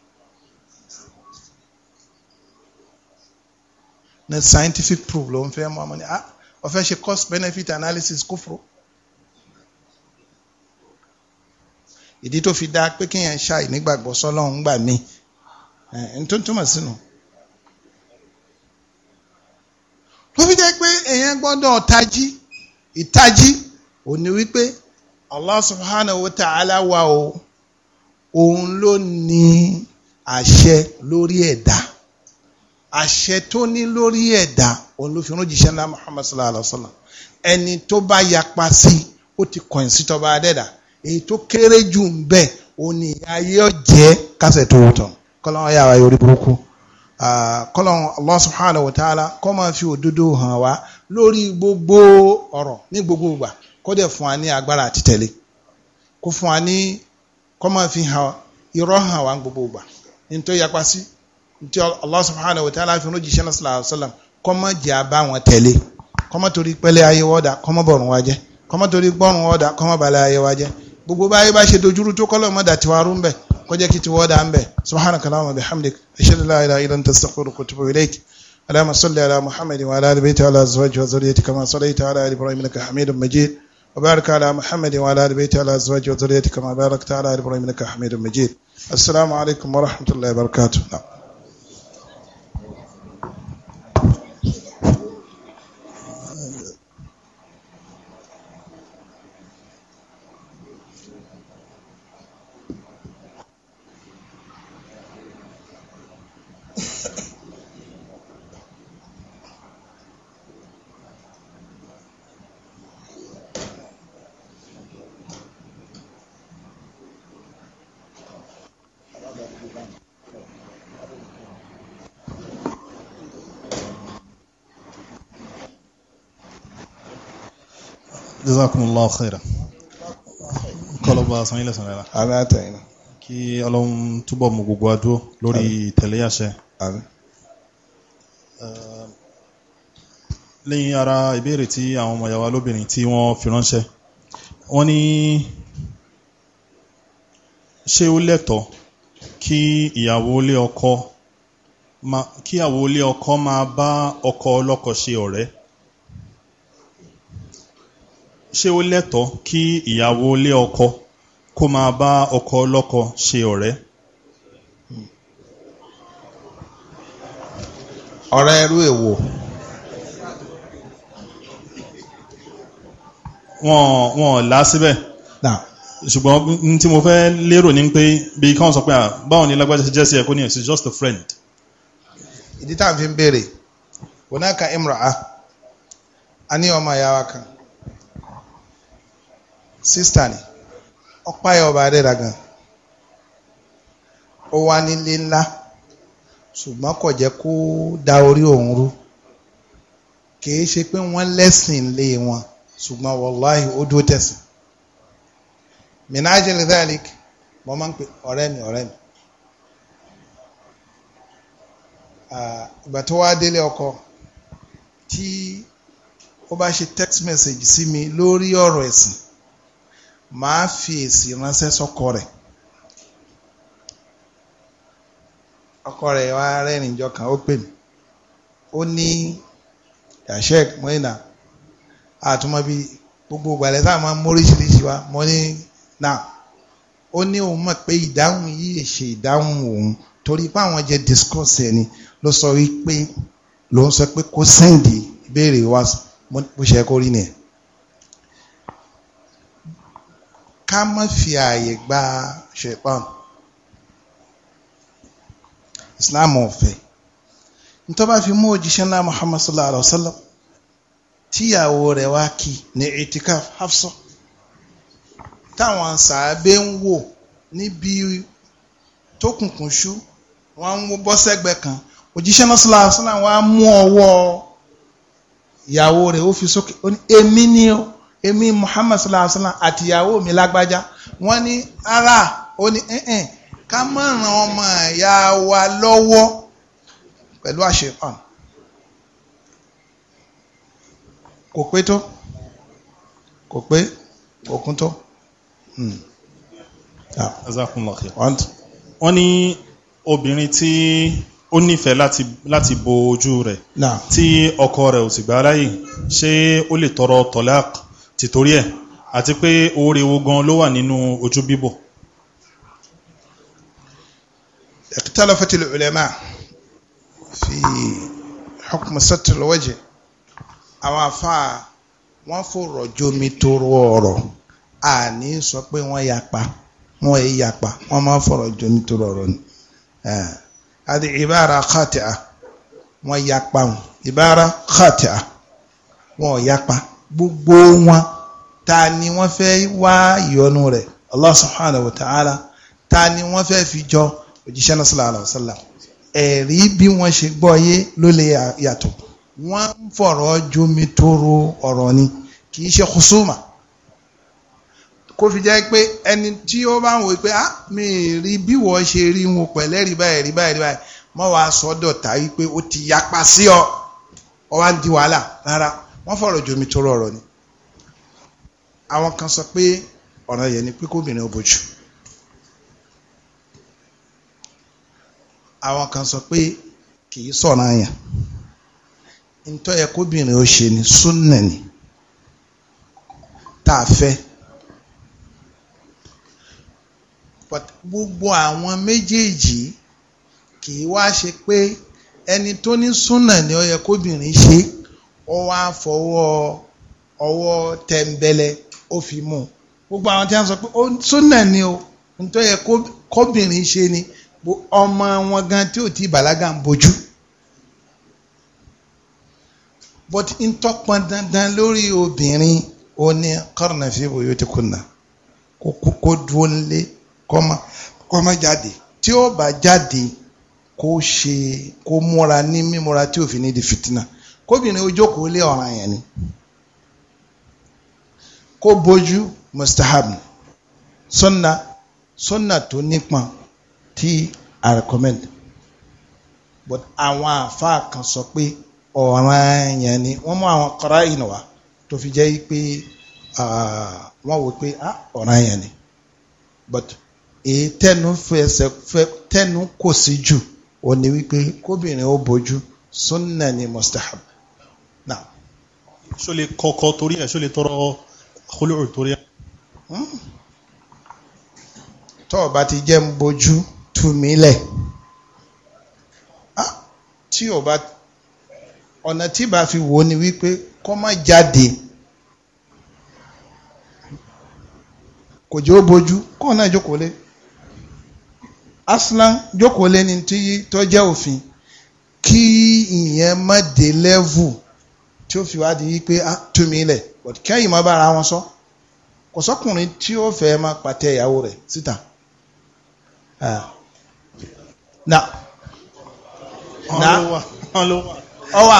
na scientific proof ló ń fẹ́ mú ah ọ̀fẹ́ ṣe cost benefit analysis kó fòrò. ìdí tó fi dáa pé kéèyàn ṣàì nígbàgbọ́ sọ́lọ́run gbà mí ẹ̀ eh, tó ń túmọ̀ sínú. ló fi jẹ́ pé èèyàn gbọ́dọ̀ tají ìtají ò wípé Allah subhanahu wa ta'ala wa o òun ló ní àṣẹ lórí ẹ̀dá. E àṣẹ tó ní lórí ẹ̀dá òun ló ńlá Muhammad sallallahu alaihi wa sallam ẹni tó bá yapa sí ó ti kọ̀yìn sí tọba adẹ́dà èyí tó kéré jù ń bẹ̀ òun ni ayé ọ̀jẹ́ kásẹ̀ tó wùtọ̀ kọ́lọ́n ayé àwa yorí burúkú kọ́lọ́n Allah subhanahu wa ta'ala kọ́ máa fi òdodo hàn wá lórí gbogbo ọ̀rọ̀ ní gbogbo ìgbà kó dẹ̀ fún wa ní agbára àti tẹ̀lé kó fún wa ní kọ́ máa fi hàn irọ́ hàn wá gbogbo ìgbà ní tó yapa sí tí Allah subhanahu wa ta'ala fi rojì sẹ́nà sallallahu alayhi wa sallam kọ́mọ jẹ́ abá wọn tẹ̀lé kọ́mọ torí pẹ́lẹ́ ayé wọ́dà kọ́mọ bọ̀rùn wa jẹ́ kọ́mọ torí gbọ́rùn wọ́dà kọ́mọ balẹ̀ ayé wa jẹ́ gbogbo báyé bá ṣe dojúrú tó kọ́lọ̀ mọ́dà tiwa rú mbẹ̀ kọjá kí tiwọ́ dà mbẹ̀ subhanaka allahumma bihamdik ashhadu an la ilaha illa anta astaghfiruka wa atubu ilayk اللهم صل على محمد وعلى ال بيته وعلى ازواجه وذريته كما صليت على ال ابراهيم انك حميد مجيد وبارك على محمد وعلى ال بيته وعلى ازواجه وذريته كما باركت على ال ابراهيم انك حميد مجيد السلام عليكم ورحمه الله
jazakumullahu khairan kọlọba san ilẹ̀ sàn rẹ̀ la. àmì àtẹ̀yìn. kí ọlọ́run túbọ̀ mú gbogbo adúró lórí ìtẹ̀lé àṣẹ. àmì. lẹ́yìn ara ìbéèrè tí àwọn ọmọ yàwá lóbìnrin tí wọ́n fi ránṣẹ́ wọ́n ní ṣé ó lẹ́tọ̀ọ́ kí ìyàwó ilé ọkọ máa bá ọkọ ọlọ́kọ ṣe ọ̀rẹ́ ṣé ó lẹ́tọ̀ọ́ kí ìyàwó lé ọkọ kó máa bá ọkọ ọlọ́kọ ṣe ọ̀rẹ́ ọ̀rẹ́ ẹrú èwò wọ́n là síbẹ̀ ṣùgbọ́n tí mo fẹ́ lérò ní pé bí kán sọ pé à ni lágbájá jẹ́ sí ẹ̀kọ́ ní it's just a friend ìdí tá à ń fi ń béèrè wọ́n náà ka imra a ní ọmọ ìyá wa kan
sista ni ọpa ẹ̀ ọba adẹ́ra gan ó wá nílé ńlá ṣùgbọ́n kò jẹ́ kó da orí òun rú kìí ṣe pé wọ́n lẹ́sìn lé wọn ṣùgbọ́n wàláhì ó dúró tẹ̀sìn minajil dhalik mo máa ń pè ọ̀rẹ́ mi ọ̀rẹ́ mi ìgbà tó wá délé ọkọ tí ó bá ṣe text message sí mi lórí ọ̀rọ̀ ẹ̀sìn màá fi èsì ránṣẹ́ sọ́kọ rẹ̀ ọkọ rẹ̀ wá rẹ́rìn ìjọ kan ó pè mí ó ní yasek moina àtúmọ̀ bíi gbogbo ìgbàlẹ̀ tá a máa móríṣiríṣi wa mo ní náà ó ní òun mọ̀ pé ìdáhùn yìí ṣe ìdáhùn òun torí pé àwọn jẹ́ discourse ẹni ló sọ wípé ló ń sọ pé kó sẹ́ǹdì ìbéèrè wa bó ṣe kó rí nìyẹn. ká má fi ààyè gba ṣèpọ́n islam ọ̀fẹ́ nítorí bá fi mú òjíṣẹ́ náà muhammad sallallahu alaihi wa sallam tíyàwó rẹ̀ wá kí ní itikaf hafsa táwọn sàábé ń wò níbi tó kùnkùn ṣú wọ́n ń bọ́ kan òjíṣẹ́ náà sallallahu alaihi wa sallam wọ́n mú fi sókè ó èmi Muhammad sallallahu alaihi wasallam àtìyàwó mi lágbájá wọ́n ní ara ó ní ẹ̀ẹ́n ká má ràn ọmọ ìyá wa lọ́wọ́ pẹ̀lú àṣepàn kò pé tó
kò pé kò kún tó. Hmm. wọ́n ní obìnrin tí ó nífẹ̀ẹ́ láti láti bo ojú rẹ̀ tí ọkọ rẹ̀ ò sì gbà láyè ṣé ó lè tọrọ tọ́lá kan tìtorí ẹ̀ àti pé oore wo gan ló wà nínú ojú bíbò.
اختلفت العلماء في حكم ستر الوجه àwọn àfáà wọ́n fòrọ̀ jomi toro ọ̀rọ̀ àní sọ pé wọ́n yapa wọ́n yé yapa wọ́n máa fòrọ̀ jomi toro ọ̀rọ̀ ni àti ìbára kàtìá wọ́n yapa ìbára kàtìá wọ́n yapa gbogbo wọn ta ni wọ́n fẹ́ wá ìyọ́nú rẹ̀ Allah subhanahu wa ta'ala ta ni wọ́n fẹ́ fi jọ òjíṣẹ́ náà sallallahu alaihi wa sallam ẹ̀rí bí wọ́n ṣe gbọ́ yé ló lè yàtọ̀ wọ́n ń fọ̀rọ̀ jomi toro ọ̀rọ̀ ni kì í ṣe kùsùmà kó fi jẹ́ pé ẹni tí ó bá ń wò pé ah mi rí bí wọ́n ṣe rí wọn pẹ̀lẹ́ rí báyìí rí báyìí rí báyìí mọ́ wàá sọ́dọ̀ ta wípé ó ti yapa sí ọ ọ wá ń di wàhálà rárá wọ́n fọ̀rọ̀ jomi tó rọrọ̀ ni àwọn kan sọ pé ọ̀nà yẹn ni pé kóbìnrin ó bójú àwọn kan sọ pé kì í sọ̀ràn àyàn ntọ́ yẹ kóbìnrin ó ṣe ni súnnà ni tá a fẹ́ gbogbo àwọn méjèèjì kì í wá ṣe pé ẹni tó ní súnnà ni ó yẹ kóbìnrin ṣe ó wá fọwọ́ ọwọ́ tẹ̀m̀bẹ̀lẹ̀ ó fi mú un gbogbo àwọn tí wọ́n sọ pé súnà ni o nítorí yẹ kóbìnrin ṣe ni ọmọ wọn gan tí ò tí bàlágà ń bojú but n tọpọn dandan lórí obìnrin ó ní kọ́rọ̀nà fi wòye ti kùnà kó dúró nílé kó má jáde tí ó bá jáde kó ṣe kó múra ní mímúra tí ò ní di fìtínà kóbìnrin ojókòó lé ọ̀ràn yẹn ni kó bójú mustahab sunna sunna tó nípọn tí i recommend but àwọn àáfàá kan sọ pé ọ̀ràn yẹn ni wọ́n mú àwọn kọ́ra ìnáwó tó fi jẹ́ pé wọ́n wò pé ah, ọ̀ràn yẹn ni but èyí tẹnu fẹsẹ̀ tẹnu kò sí jù ò ní wípé kóbìnrin ó bójú
sunna ni mustahab ṣó lè kọkọ torí ẹ̀ ṣó lè tọrọ kólóòrò torí ẹ̀. tó o bá ti
jẹ́ ń bojú tú mi lẹ̀ ah, tí o bá ọ̀nà tí bá fi wò ni wípé kọ́ má jáde kò jẹ́ ó bojú kọ́ náà jókòó lé aslan jókòó lé ní tí tó òfin kí ìyẹn má dé level tí ó fi wá di wípé ah tú mi lẹ̀ but kẹ́yìn mọ́ bára wọn sọ kò sọ́kùnrin tí ó fẹ́ máa pàtẹ ìyàwó rẹ̀ síta. Ah. na na ọwà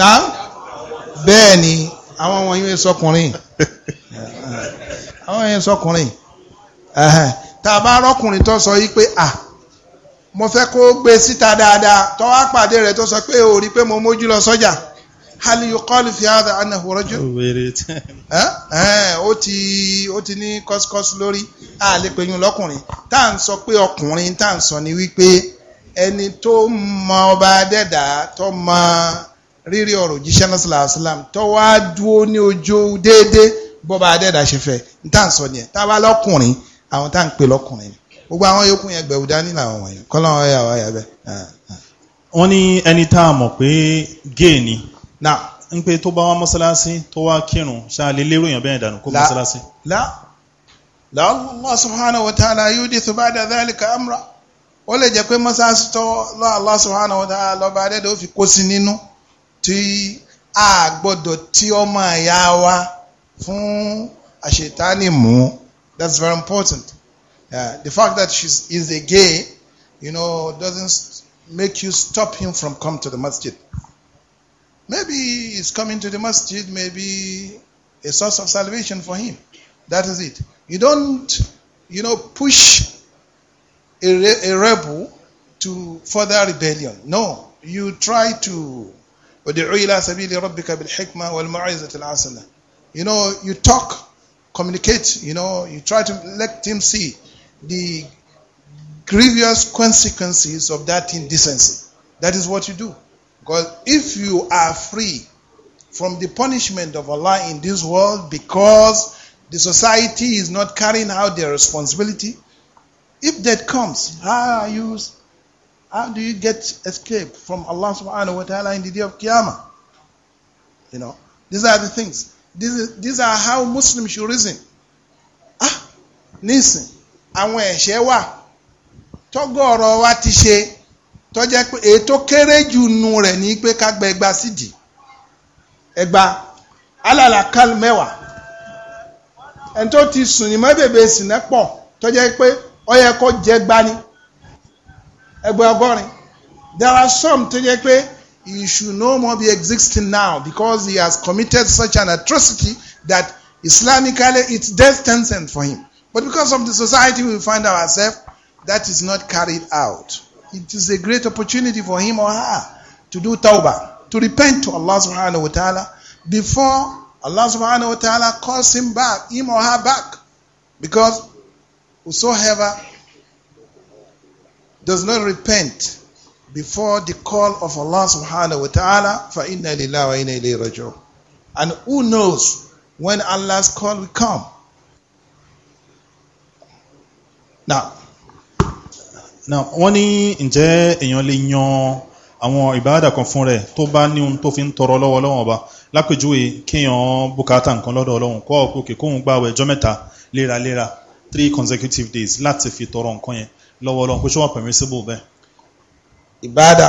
na bẹ́ẹ̀ ni àwọn ọmọ yín sọkùnrin àwọn yín sọkùnrin tá a bá rọkùnrin tó sọ yìí pé ah mo fẹ́ kó gbé síta dáadáa tó wá pàdé rẹ̀ tó sọ pé o rí pé mo mójú lọ sọ́jà hali yuqalu fi hadha annahu rajul ó ti ó ti ní kọ́síkọ́sí lórí a lè lọ́kùnrin tá à ń sọ pé ọkùnrin tá à ń sọ ni wípé ẹni tó mọ ọba adẹ́dà tó mọ rírí ọ̀rọ̀ jíṣẹ́ náà sàlàyé sàlám tó wá dúró ní ojú déédéé bọ́ba adẹ́dà ṣe fẹ́ tá à ń sọ nìyẹn tá a bá lọ́kùnrin
àwọn tá à ń pè lọ́kùnrin ni. gbogbo àwọn yòókù yẹn gbẹ̀wò dání làwọn wọ̀nyí kọ́lọ́n ọ̀yà ọ̀yà bẹ́ẹ̀. Ah, ah. wọ́n ní ẹni tá a mọ̀ pé géè ni na ń pe tó bá wá mọ́sálásí tó wá kírun ṣáà lè lérò èèyàn bẹ́ẹ̀ dànù kó mọ́sálásí. la la Allah
subhanahu wa ta'ala yudithu ba'da dhalika amra ó lè pé tó lọ Allah subhanahu wa ta'ala fi kó sí nínú tí a tí wa fún that's very important. Uh, the fact that she's is a gay, you know, doesn't make you stop him from coming to the masjid. Maybe he's coming to the masjid, maybe a source of salvation for him. That is it. You don't, you know, push a, re- a rebel to further rebellion. No, you try to. You know, you talk, communicate, you know, you try to let him see the grievous consequences of that indecency. That is what you do. Because if you are free from the punishment of Allah in this world because the society is not carrying out their responsibility, if that comes, how ah, are you how do you get escape from Allah subhanahu wa ta'ala in the day of Qiyamah? You know, these are the things. These, these are how Muslims should reason. Ah, listen, àwọn ẹ̀ṣẹ̀ wà tọ́gọ̀ọ̀rọ̀ wa ti ṣe tọ́jẹ́ pé èyí kéré jù nu rẹ̀ ní pé ká gba ẹgba sídìí ẹgba alàlà mẹ́wàá ẹni tó ti sùn ní mọ́bèbè sìnẹ́ pọ̀ tọ́jẹ́ pé ó yẹ kó gbani ẹgbẹ́ ọgọ́rin there are some tó jẹ́ pé he should no more be existing now because he has committed such an atrocity that Islamically it's death sentence for him. But because of the society we find ourselves, that is not carried out. It is a great opportunity for him or her to do tawbah, to repent to Allah subhanahu wa ta'ala before Allah subhanahu wa ta'ala calls him back, him or her back. Because whosoever does not repent before the call of Allah subhanahu wa ta'ala, lillahi لِلَّهِ inna إِلَيْهِ رَجُعُونَ And
who knows when Allah's call will come? na wọ́n ní ǹjẹ́ èèyàn lè yan àwọn ìbáàdà kan fún rẹ̀ tó bá ní ohun tó fi ń tọrọ lọ́wọ́ Ọlọ́run ọba lápèjúwe kéèyàn bùkátà nǹkan lọ́dọ̀ Ọlọ́run kọ́ òkè kóhun gbààwẹ̀ ọjọ́ mẹ́ta léraléra three consecutive days láti fi tọrọ nǹkan yẹn lọ́wọ́ Ọlọ́run pé ṣé wọ́n permissible bẹ́ẹ̀. ìbáàdà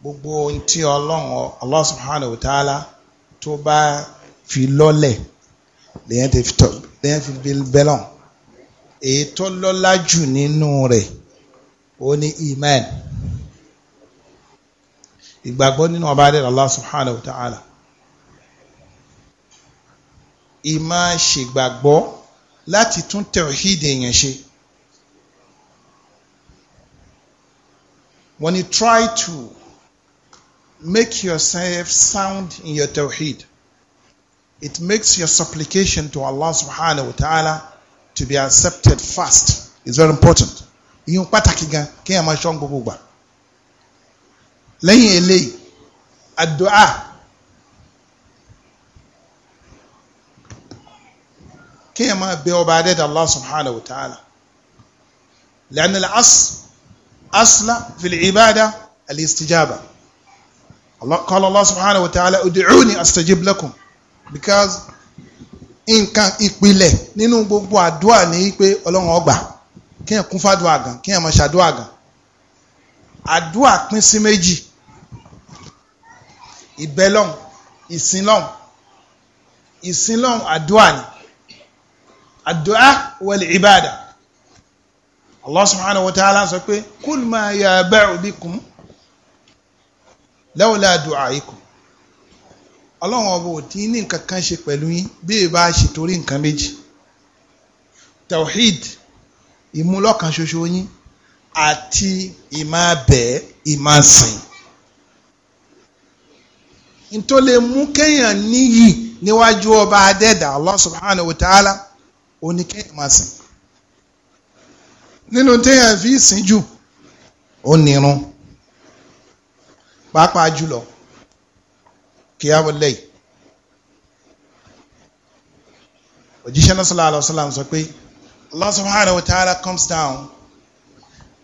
gbogbo
ohun tí Ọlọ́run Allah subhanahu wa ta'ala tó bá fi lọ́lẹ̀ lèyẹn ti fi bẹ́lọ̀n èyí tó lọ́lá jù nínú rẹ̀ ó ní iman ìgbàgbọ́ nínú ọba adé Allah subhanahu wa ta'ala ṣègbàgbọ́ láti tún tawhid èèyàn ṣe wọ́n ní try to make yourself sound in your tawhid it makes your supplication to Allah subhanahu wa ta'ala to be accepted fast is very important ìyẹn pàtàkì gan kéèyàn máa ṣọ́ gbogbo gbà lẹ́yìn eléyìí àdúà kéèyàn máa bẹ ọba adẹ́dàá Allah subhanahu wa ta'ala lẹ́yìn al-asl asla fil ibada al-istijaba Allah qala Allah subhanahu wa ta'ala ud'uni astajib lakum because nǹkan ìpìlẹ̀ nínú gbogbo àdúrà ní pé ọlọ́run ọgbà kí ẹ̀ kún fàdúrà gan kí ẹ̀ mọ̀ ṣàdúrà gan àdúrà pín sí méjì ìbẹ́lọ́hùn ìsinlọ́hùn ìsinlọ́hùn àdúrà ni àdúrà wal ìbàdà Allah subhanahu wa ta'ala sọ pé kul bikum lawla du'aikum ọlọ́run ọba ò tí ní nǹkan kan ṣe pẹ̀lú yín bí ẹ bá ṣe torí nǹkan méjì tawhid ìmúlọ́kan ṣoṣo yín àti ìmábẹ́ ìmásìn ntó lè mú kéèyàn níyì níwájú ọba adẹ́dà Allah subhanahu wa ta'ala òní kéèyàn máa sìn nínú téèyàn fi sìn jù ó nírun pàápàá jùlọ kíyàmù lẹ́yìn òjíṣẹ́ náà sallallahu alaihi wasallam sọ pé Allah subhanahu wa ta'ala comes down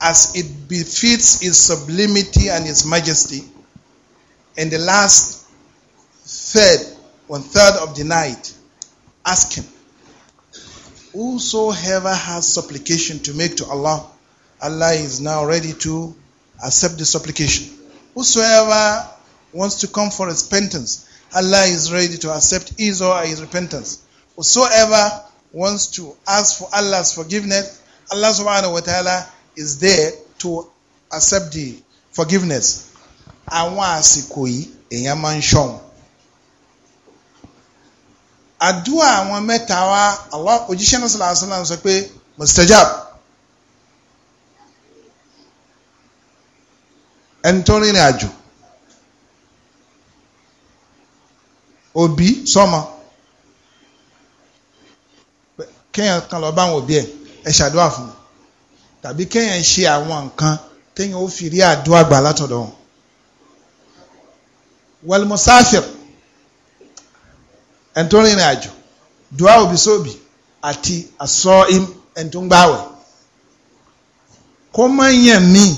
as it befits his sublimity and his majesty in the last third one third of the night asking whosoever has supplication to make to Allah Allah is now ready to accept the supplication whosoever wants to come for repentance, Allah is ready to accept his or her repentance. Whosoever wants to ask for Allah's forgiveness, Allah subhanahu wa ta'ala is there to accept the forgiveness. Àwọn àsìkò yìí èèyàn máa ń ṣọ̀hún. Àdúrà àwọn mẹ́ta wa, Allah òjíṣẹ́ náà sallallahu alaihi wasallam sọ pé mustajab. Ẹni tó rìnrìn àjò. òbí sọmọ kéèyàn kan lọ bá àwọn òbí ẹ ẹ ṣàdúrà fún mi tàbí kéèyàn ṣe àwọn nǹkan téèyàn ó fi rí àdúrà gbà látọ̀dọ̀ wọn. wàlmùsáfìr ẹni tó rìnrìn àjò dùá òbí sóbì àti àsọ ẹni tó ń gbààwẹ̀ kó mọ̀ yẹn míì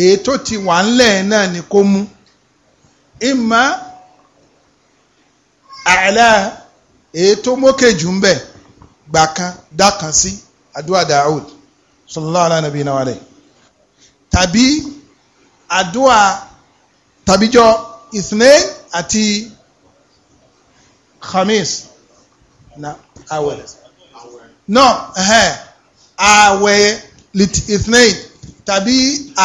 èyí tó ti wà ńlẹ̀ náà ni kó mú ìmọ̀ àlá èyí tó mókè jù ń bẹ̀ gbà kan dá kan sí àdúrà Daud sallallahu alaihi nabiyina wa alayhi tàbí àdúrà tàbíjọ ithnain àti khamis na awẹ no awẹ ithnain tàbí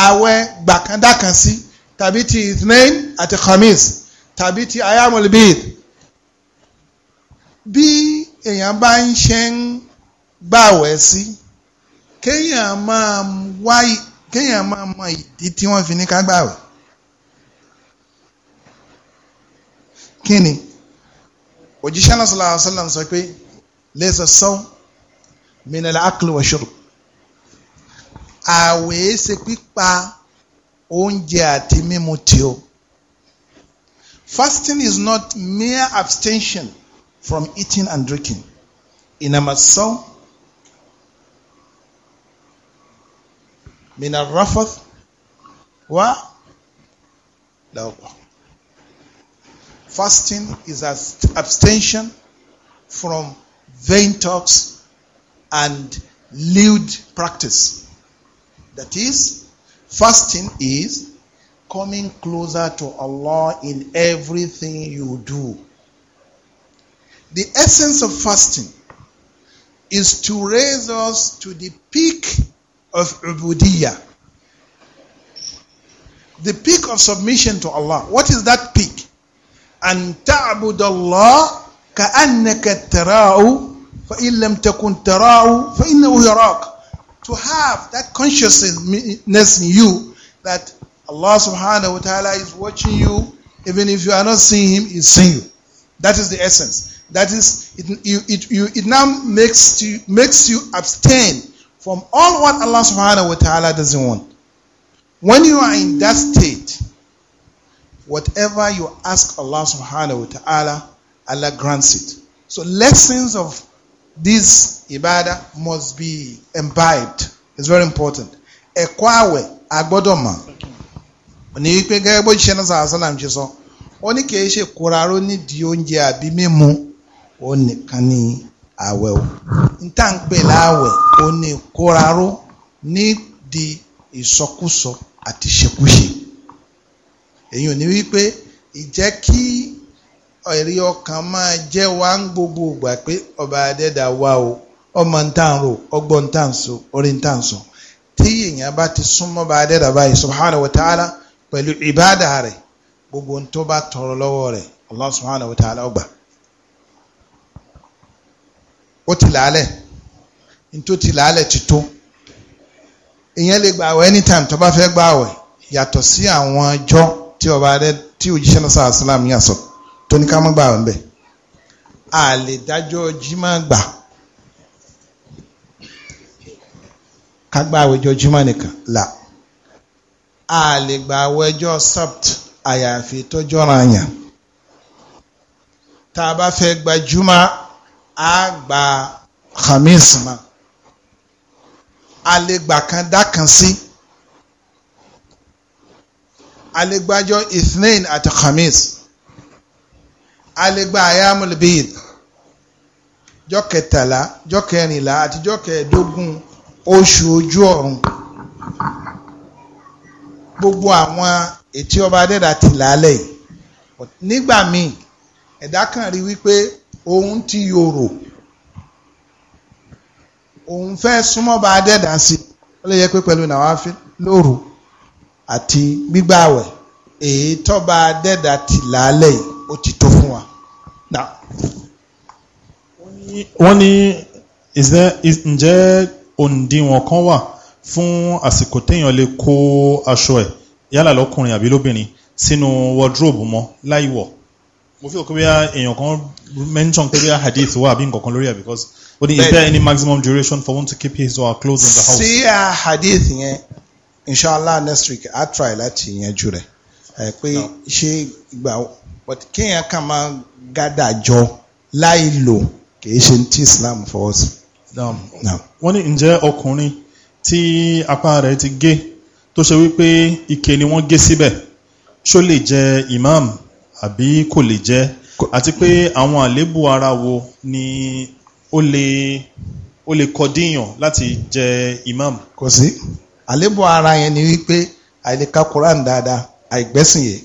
awẹ gbàkandákan sí tàbí ti ithnain àti khamis tàbí ti ayamul bí èèyàn bá ń ṣe ń gbàwẹ̀ sí kéèyàn máa wá kéèyàn máa mọ ìdí tí wọ́n fi ní ká gbàwẹ̀. kí ni òjíṣẹ́ náà sallallahu alaihi wasallam sọ pé laysa saw min al-akl wa shurb àwẹ̀ ṣe pípa oúnjẹ àti mímu tí o fasting is not mere abstention from eating and drinking. in Inamasaw min al-rafath wa lawqa. Fasting is as abstention from vain talks and lewd practice. That is, fasting is coming closer to Allah in everything you do The essence of fasting is to raise us to the peak of ubudiyah, the peak of submission to Allah. What is that peak? أن تعبد الله كأنك تراه فإن لم تكن تراه فإنه يراك. To have that consciousness in you that Allah subhanahu wa ta'ala is watching you, even if you are not seeing Him, He's seeing you. That is the essence. That is, it, you, it, you, it now makes you, makes you abstain from all what Allah subhanahu wa ta'ala doesn't want. When you are in that state, whatever you ask Allah subhanahu wa ta'ala, Allah grants it. So lessons of this ibadah must be imbibed. It's very important. Ẹ̀kọ́ agbodoma. agbọ́dọ̀mọ̀. Òní wípé gẹ́gẹ́ bó ṣiṣẹ́ náà sàásánà ń ṣe sọ. Ó ní kì í ṣe kóraró nídìí oúnjẹ àbí mímu. ó nìkan ní àwẹ̀ o níta ń pè láàwẹ̀ ó ní kóraró nídìí ìsọkúsọ àti ṣekúṣe èyí je ní wípé ìjẹ́ kí ẹ̀rí ọkàn máa ọba adẹ́dà wá o ọmọ ń tà rò ọgbọ́n ń so orí ń ti súnmọ́ ọba adẹ́dà báyìí subhanahu wa ta'ala pẹ̀lú ìbáàdà rẹ̀ gbogbo ń tó bá tọrọ lọ́wọ́ ó ti làálẹ̀ nítorí ti làálẹ̀ ti tó ìyẹn lè gba àwẹ̀ anytime tó bá fẹ́ gba àwẹ̀ yàtọ̀ sí àwọn ọjọ́ tí ọba rẹ tí òjíṣẹ́ náà sáà sílámù yà sọ tó ní ká má gba àwẹ̀ ń bẹ̀ jimá gbà ká gba àwẹ̀ jọ jimá nìkan là a àwẹ̀ jọ sabt àyàfi tọ́jọ́ ra yàn tá a bá fẹ́ gba jumá á gba khamis mọ́ àlegbà kan dá kan sí àlegbàjọ ithnain àti khamis àlegbà ayámúlbíyìn jọ́ kẹtàlá jọ́ kẹrìnlá àti jọ́ kẹẹ̀ẹ́dógún oṣù ojú ọ̀run gbogbo àwọn ètí ọba adẹ́dà ti làálẹ̀ nígbà míì ẹ̀dá kan rí wípé òun ti yòrò òun fẹ́ súnmọ́ bá dẹ́dà sí ó lè yẹ pé pẹ̀lú nàwáfí lóru àti gbígbàwẹ̀ èyí tó bá dẹ́dà tì lálẹ́ yìí ó ti tó fún wa.
wọ́n ní ǹjẹ́ òǹdíwọ̀n kan wà fún àsìkò téèyàn lè kó aṣọ ẹ̀ yálà lọ́kùnrin àbí lóbìnrin sínú wọ́dróòbù mọ́ láìwọ̀ mo feel pé èèyàn kan mention pé hadith wà bí nǹkan kan lórí ẹ̀ because ó ní is there any maximum duration for one to keep his or her clothes in the house. sí
hadith yẹn inshallah next week i try láti yanjú rẹ̀ ẹ pé ṣé ìgbà but kéèyàn kàn máa gádà jọ láì lò kìí ṣe ti islam fọwọ́ sí.
wọ́n ní ǹjẹ́ ọkùnrin tí apá rẹ̀ ti gé tó ṣe wípé ike ni wọ́n gé síbẹ̀ ṣó lè jẹ́ imam àbí kò lè jẹ́ àti pé àwọn àléébù ara wo ni ó lè ó lè kọ díyàn láti jẹ imam. kò sí àléébù ara yẹn ni wípé àìlèka Quran
dáadáa àìgbẹ́sìn yìí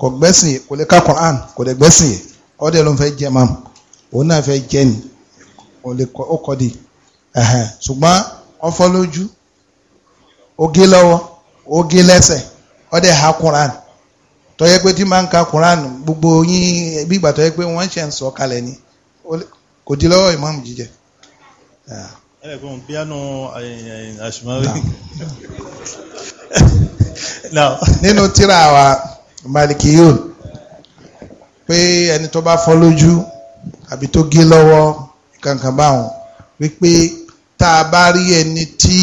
kò gbẹ́sìn yìí kò lè ka Quran kò lè gbẹ́sìn yìí ọdẹ ló ń fẹ́ jẹ imam òun náà fẹ́ jẹ ni ó kọ́ di ṣùgbọ́n ọfọ́ lójú oge lọ́wọ́ oge lẹ́sẹ̀ ọdẹ ha Quran tó yẹ pé tí máa ń ka Quran gbogbo yín bí ìgbà tó yẹ pé wọ́n ṣe ń sọ kalẹ̀ ni kò di lọ́wọ́ ìmáàmù jíjẹ.
Ah. ẹ̀ẹ́dẹ̀gbọ́n
nínú tíra wa malikiyun pé ẹni tó bá fọ́ lójú àbí tó gé lọ́wọ́ kankan báwọn wípé tá a bá rí ẹni tí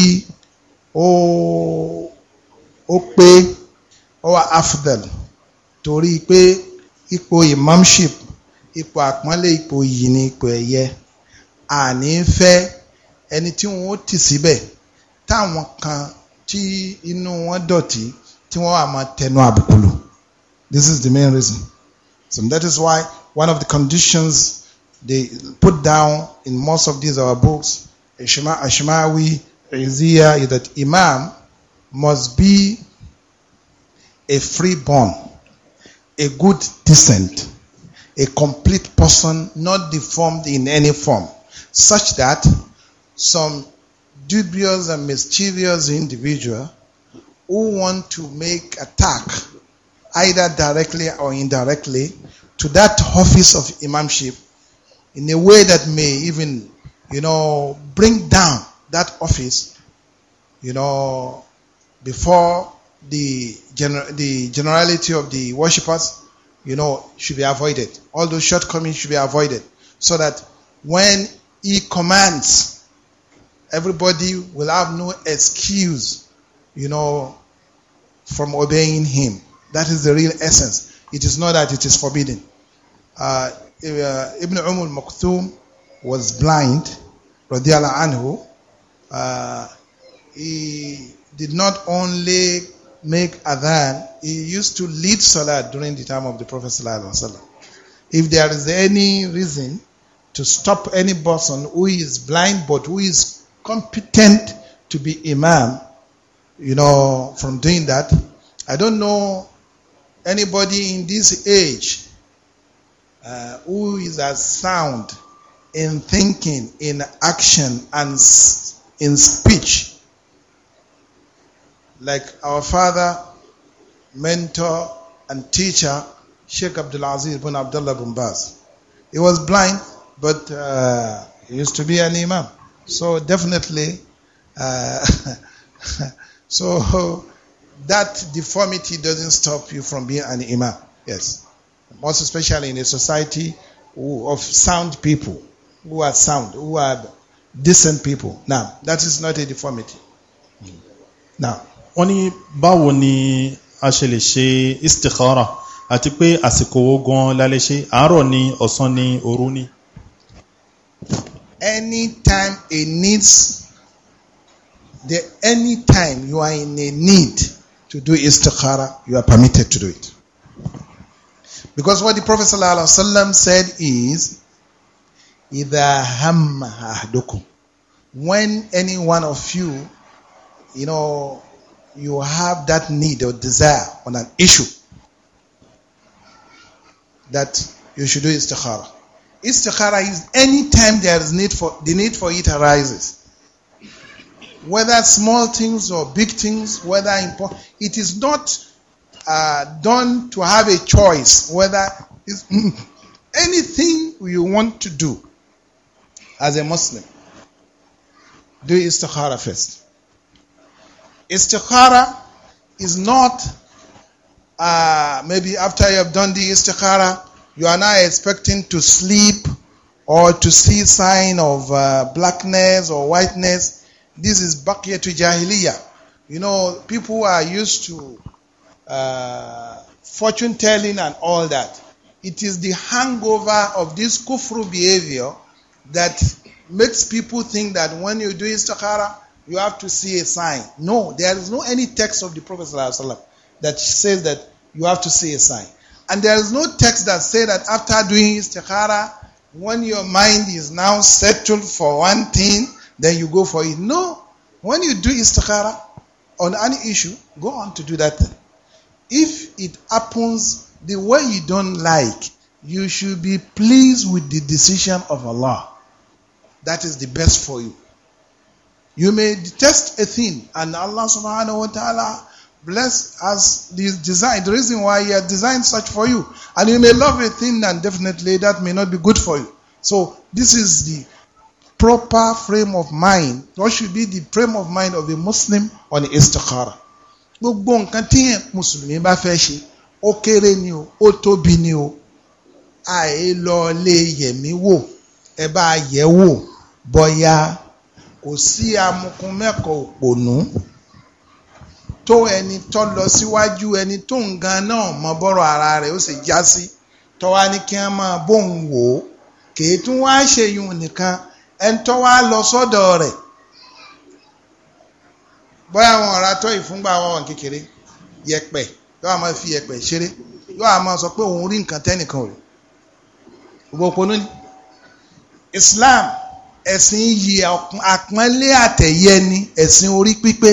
ó pé ó wà afdal torí pé ipò imamship ipò àpọ́nlé ipò yìí ni ipò ẹ̀yẹ àní fẹ́ ẹni tí wọ́n tì síbẹ̀ táwọn kan tí inú wọn dọ̀tí tí wọ́n wà máa tẹnu àbùkù lò this is the main reason so that is why one of the conditions they put down in most of these our books Ishma, Ishmawi Iziya is that imam must be a freeborn. a good, decent, a complete person, not deformed in any form, such that some dubious and mischievous individual who want to make attack, either directly or indirectly, to that office of imamship in a way that may even, you know, bring down that office, you know, before the, gener- the generality of the worshippers, you know, should be avoided. All those shortcomings should be avoided so that when he commands, everybody will have no excuse, you know, from obeying him. That is the real essence. It is not that it is forbidden. Uh, uh Ibn Umar Maktoum was blind, radiallahu anhu. Uh, he did not only make adhan, he used to lead salah during the time of the Prophet If there is any reason to stop any person who is blind but who is competent to be imam, you know, from doing that, I don't know anybody in this age uh, who is as sound in thinking, in action, and in speech like our father, mentor, and teacher, Sheikh Abdul Aziz bin Abdullah bin Baz. He was blind, but uh, he used to be an imam. So definitely, uh, so that deformity doesn't stop you from being an imam. Yes. Most especially in a society of sound people, who are sound, who are decent people. Now, that is not a deformity. Hmm.
Now, wọ́n ní báwo ni a ṣe lè ṣe istikhara àti pé àsìkò wo lálẹ́ ṣe àárọ̀ ni ọ̀sán ni òru ni.
anytime a needs the anytime you are in a need to do istikhara you are permitted to do it. Because what the Prophet ﷺ said is, إِذَا هَمَّ أَحْدُكُمْ When any one of you, you know, you have that need or desire on an issue that you should do istikhara. Istikhara is any time there is need for the need for it arises. Whether small things or big things, whether important, it is not uh, done to have a choice whether anything you want to do as a Muslim. Do istikhara first. Istikhara is not uh, maybe after you have done the istikhara, you are now expecting to sleep or to see sign of uh, blackness or whiteness. This is bakia to jahiliyyah. You know, people are used to uh, fortune telling and all that. It is the hangover of this kufru behavior that makes people think that when you do istikhara, you have to see a sign. No, there is no any text of the Prophet ﷺ that says that you have to see a sign. And there is no text that says that after doing istikhara, when your mind is now settled for one thing, then you go for it. No. When you do istikhara on any issue, go on to do that thing. If it happens the way you don't like, you should be pleased with the decision of Allah. That is the best for you. You may detest a thing, and Allah subhanahu wa ta'ala bless us the design, the reason why He has designed such for you. And you may love a thing, and definitely that may not be good for you. So, this is the proper frame of mind. What should be the frame of mind of a Muslim on istikhara? Gbogbo nǹkan tí Mùsùlùmí bá fẹ́ ṣe, ó kéré ni o, ó tóbi ni o, àìlọ́ọ̀lẹ́ wò, ẹ bá yẹ̀ wò bọ́yá kò sí amukun mẹ́kọ̀ọ́ òpònú tó ẹni tó lọ síwájú ẹni tó ń gan náà mọ bọ́rọ̀ ara rẹ̀ ó sì já sí tó wá ní kí wọ́n máa bóun wò ó kèé tún wá ṣe yùn nìkan ẹni tó wá lọ sọ́dọ̀ rẹ̀ bóyá àwọn ọ̀rá tó ìfúngbà wọn kékeré yẹpẹ̀ yóò máa fi yẹpẹ̀ ṣeré yóò máa sọ pé òun rí nǹkan tẹ́nìkan ò rí ni Islam ẹ̀sìn iyì àpọ́nlé àtẹ̀yẹ ni ẹ̀sìn orí pípé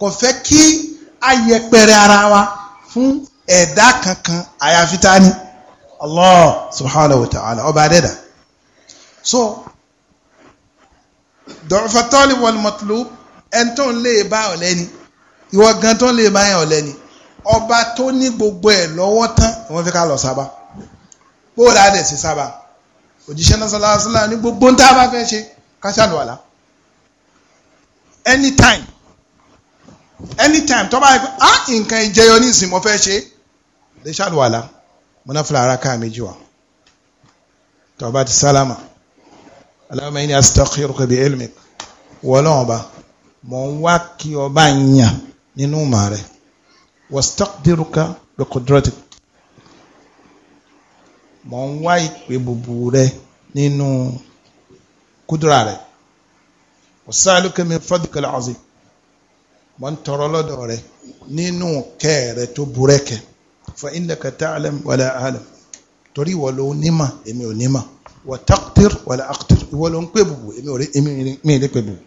kò fẹ́ kí a ara wa fún ẹ̀dá kankan àyàfi ta ni Allah subhanahu wa ta'ala ọba adẹ́dà so dọ̀fà talib wal matlub ẹni tó ń lè bá ọ̀lẹ́ ni ìwọ gan tó ń lè bá ọ̀lẹ́ ni ọba tó ní gbogbo ẹ̀ lọ́wọ́ tán wọ́n fi ká lọ sábà bó o láti ẹ̀ sí sábà òjíṣẹ́ náà sọlá sọlá ní gbogbo ń tá a bá fẹ́ ṣe ká ṣàlùwàlá anytime anytime tó bá yẹ pé ah nǹkan ìjẹyọ ní ìsìn mo fẹ́ ṣe lè ṣàlùwàlá mo náà fúnra ara ká méjì wá tó bá ti sálámà aláwọ̀ mẹ́rin ni astaghfiruka bi ilmik wọ́lọ́wọ́n ba mọ̀ ń wá kí ọba yàn nínú màá rẹ̀ wastaqdiruka bi qudratik mò ń wá ìpè bùbù rẹ nínú kúdúrà rẹ ọ̀sálùkẹ́ mi fọ́dùkẹ́lẹ́ ọ̀sìn mò ń tọrọ lọ́dọ̀ rẹ nínú kẹ́ rẹ tó burẹ́kẹ́ fa innaka ta'lam wala a'lam torí ìwọ ló nímọ̀ èmi ò nímọ̀ wa taqtir wala aqtir ìwọ ló ń pè bùbù èmi ò rí èmi mi rí pè bùbù.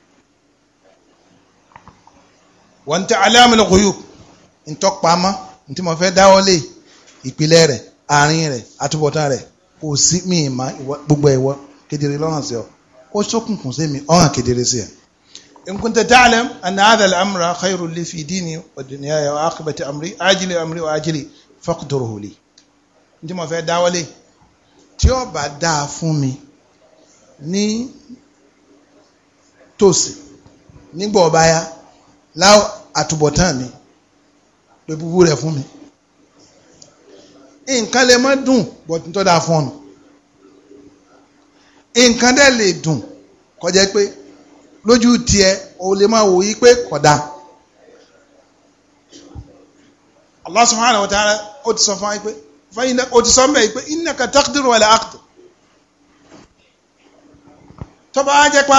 wa anta alamul ghuyub ntọ́pamọ́ ntí mo fẹ́ dáwọ́ lé ìpìlẹ̀ rẹ̀ àárín rẹ̀ àtúbọ̀tán rẹ̀ kò sí mi ìmọ̀ gbogbo ẹ̀wọ́ kedere lọ́rùn sí ọ ó ṣókùnkùn sí mi ọ̀hàn kedere sí ẹ. in kunta ta'lam anna hadha al-amra khayrun li fi dini wa dunyaya wa akhibati amri ajili amri wa ajili faqdurhu li. n tí mo fẹ́ dáwọ́lé tí ó bá dáa fún mi ní tòsí nígbà ọba ya láwọ àtúbọ̀tán mi pé búburú rẹ̀ fún mi nǹkan lè má dùn bọ̀tún tó dáa fún nǹkan dẹ̀ lè dùn kọjá pé lójú tiẹ̀ o lè ma wò yí pé Allah subhanahu wa ta'ala ó ti sọ fún wa pé ó ti sọ mẹ́ẹ̀ pé innaka ni tọ́ba á jẹ́ pé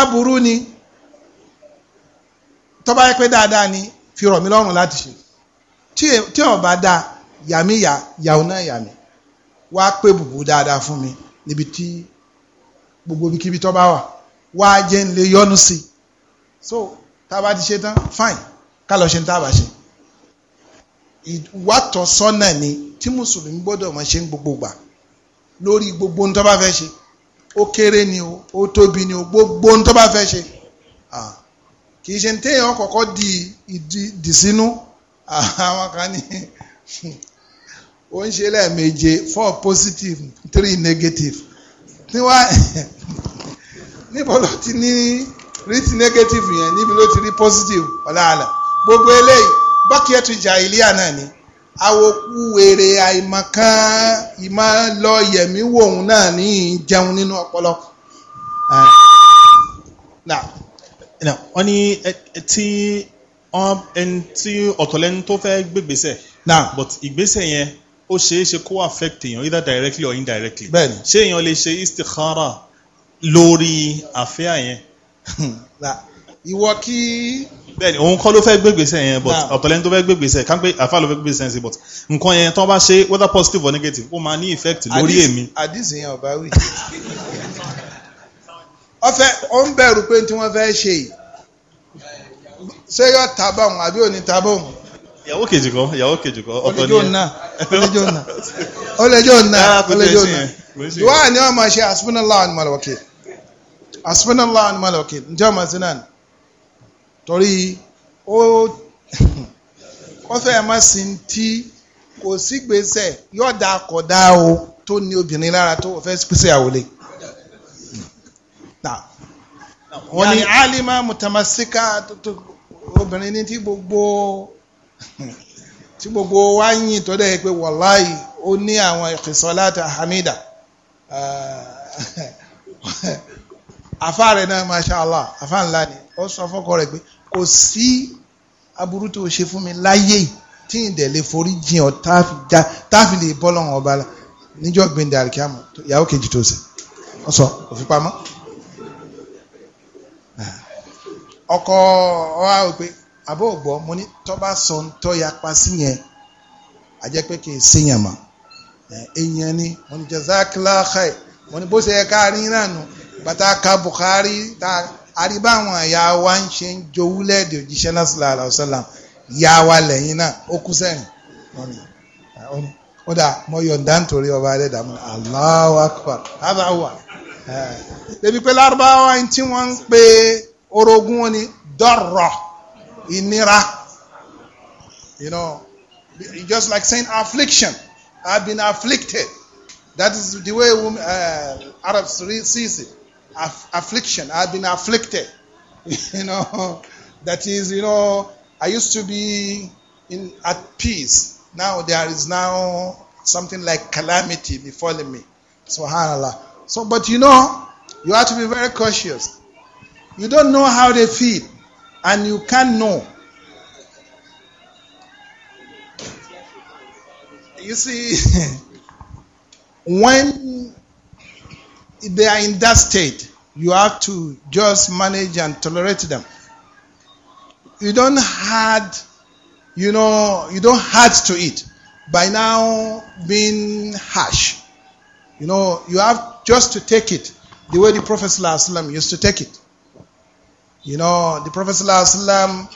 ni fi rọ̀ mí lọ́rùn láti ṣe tí ò yàmí yà yàwó náà yàmí wá pé bùbù dáadáa fún mi níbi tí gbogbo ibikíbi tó bá wà wá jẹ́ ń lè yọ́nú sí so tá a bá ti ṣe tán fine ká lọ ṣe ń tá a bá ṣe ìwàtọ̀sọ́nà ni tí mùsùlùmí gbọ́dọ̀ máa ṣe ń gbogbo gbà lórí gbogbo ohun tó bá fẹ́ ṣe ó kéré ni o ó tóbi ni o gbogbo ohun tó bá fẹ́ ṣe kì í ṣe ń téèyàn kọ̀ọ̀kan di ìdí sínú àwọn kan ní ó ń ṣe lẹ́ẹ̀meje four positive three negative tí wá níbo ló ti ní rí ti negative yẹn níbi ló ti rí positive ọ̀làlà gbogbo eléyìí bákẹ́ẹ̀tì jàìlíà náà ni awoku wèrè àìmọ̀kan ìmọ̀ lọ yẹ̀mí wòun
náà ní jẹun nínú ọpọlọ. wọ́n ní tí ẹni tí ọ̀tọ̀lẹ́ni tó fẹ́ gbégbèsè but ìgbésẹ̀ yẹn ó ṣeéṣe kó affect èèyàn either directly or indirectly. bẹ́ẹ̀ni ṣé èèyàn lè ṣe istikhara lórí àfíà yẹn. ìwọ kí. bẹ́ẹ̀ni òun kọ́ ló fẹ́ gbégbèsè yẹn but ọ̀tọ̀lẹ́ni tó fẹ́ gbégbèsè kàn pé àfa ló fẹ́ gbégbèsè yẹn but nǹkan yẹn tó bá ṣe whether positive or negative ó máa ní effect lórí èmi. àdìsí yẹn ọba wí. ọfẹ ó ń bẹ̀rù pé tí wọ́n fẹ́
ṣe ṣé yọ tábà òun àbí òní tábà
ìyàwó kejì kan ìyàwó kejì kan ọkọ ni ẹ
olejò nna olejò nna olejò nna duwa ni wọn máa ṣe asubinala wa animal wakil asubinala wa animal wakil njẹ ọmọ sí náà torí ó kọfẹ má sí ti kò sí gbèsè yọ̀dà kọ̀dà o tó ní obìnrin lára tó fẹ́ pèsè àwòlé wọ́n ní alima mutamasika obìnrin ní ti gbogbo tí gbogbo wa ń yìn tó dẹ̀ pé wàláì ó ní àwọn ìkìsọ́láta hamida àfa rẹ̀ náà masha allah àfa ńlá ni ó sọ fọ́kọ rẹ̀ pé kò sí aburú tó ṣe fún mi láyé tí ìdẹ̀ lè forí jìn ọ́ táàfin lè bọ́ lọ́wọ́ ọba la níjọ́ gbẹ̀ndẹ̀ àríkíámù ìyàwó kejì tó sẹ̀ ọ sọ òfin pamọ́ ọkọ ọ wá àbọ̀ ògbọ́ mo ní tó bá sọ tó yapa sí yẹn a jẹ́ pé kì í séyàn mọ́ èèyàn ni mo ní jazakillah khair mo ní bó ṣe yẹ ká rí náà nù bàtà ka Bukhari tá a rí báwọn ẹ̀yà wa ń ṣe ń jowú lẹ́ẹ̀dẹ̀ òjíṣẹ́ náà sallallahu alaihi wasallam yà wá lẹ́yìn náà ó kú sẹ́yìn wọ́n ni ó dà mọ yọ̀ǹda nítorí ọba ẹlẹ́dàá mọ́ Allahu akbar hàbà wà. débi pé tí wọ́n ń pe orogún wọn ni dọ́rọ̀. ìnira you know just like saying affliction I've been afflicted that is the way women, uh, Arabs sees it Aff affliction I've been afflicted you know that is you know I used to be in at peace now there is now something like calamity befalling me subhanallah so but you know you have to be very cautious you don't know how they feel and you can know. You see, when they are in that state, you have to just manage and tolerate them. You don't had, you know, you don't had to it by now being harsh. You know, you have just to take it the way the Prophet ﷺ used to take it. You know, the Prophet ﷺ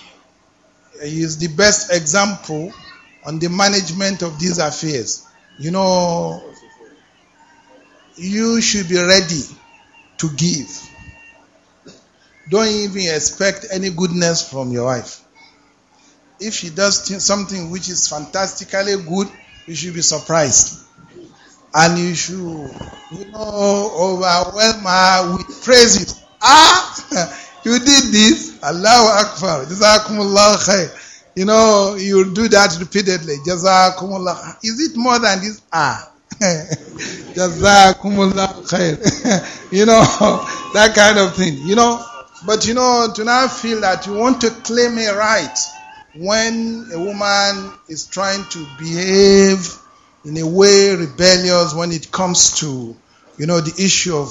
is the best example on the management of these affairs. You know, you should be ready to give. Don't even expect any goodness from your wife. If she does something which is fantastically good, you should be surprised. And you should, you know, overwhelm her with praises. Ah! You did this. Allahu Akbar. Jazakumullah khair. You know, you do that repeatedly. Jazakumullah. Is it more than this? Ah. Jazakumullah khair. you know, that kind of thing. You know, but you know, to not feel that you want to claim a right when a woman is trying to behave in a way rebellious when it comes to, you know, the issue of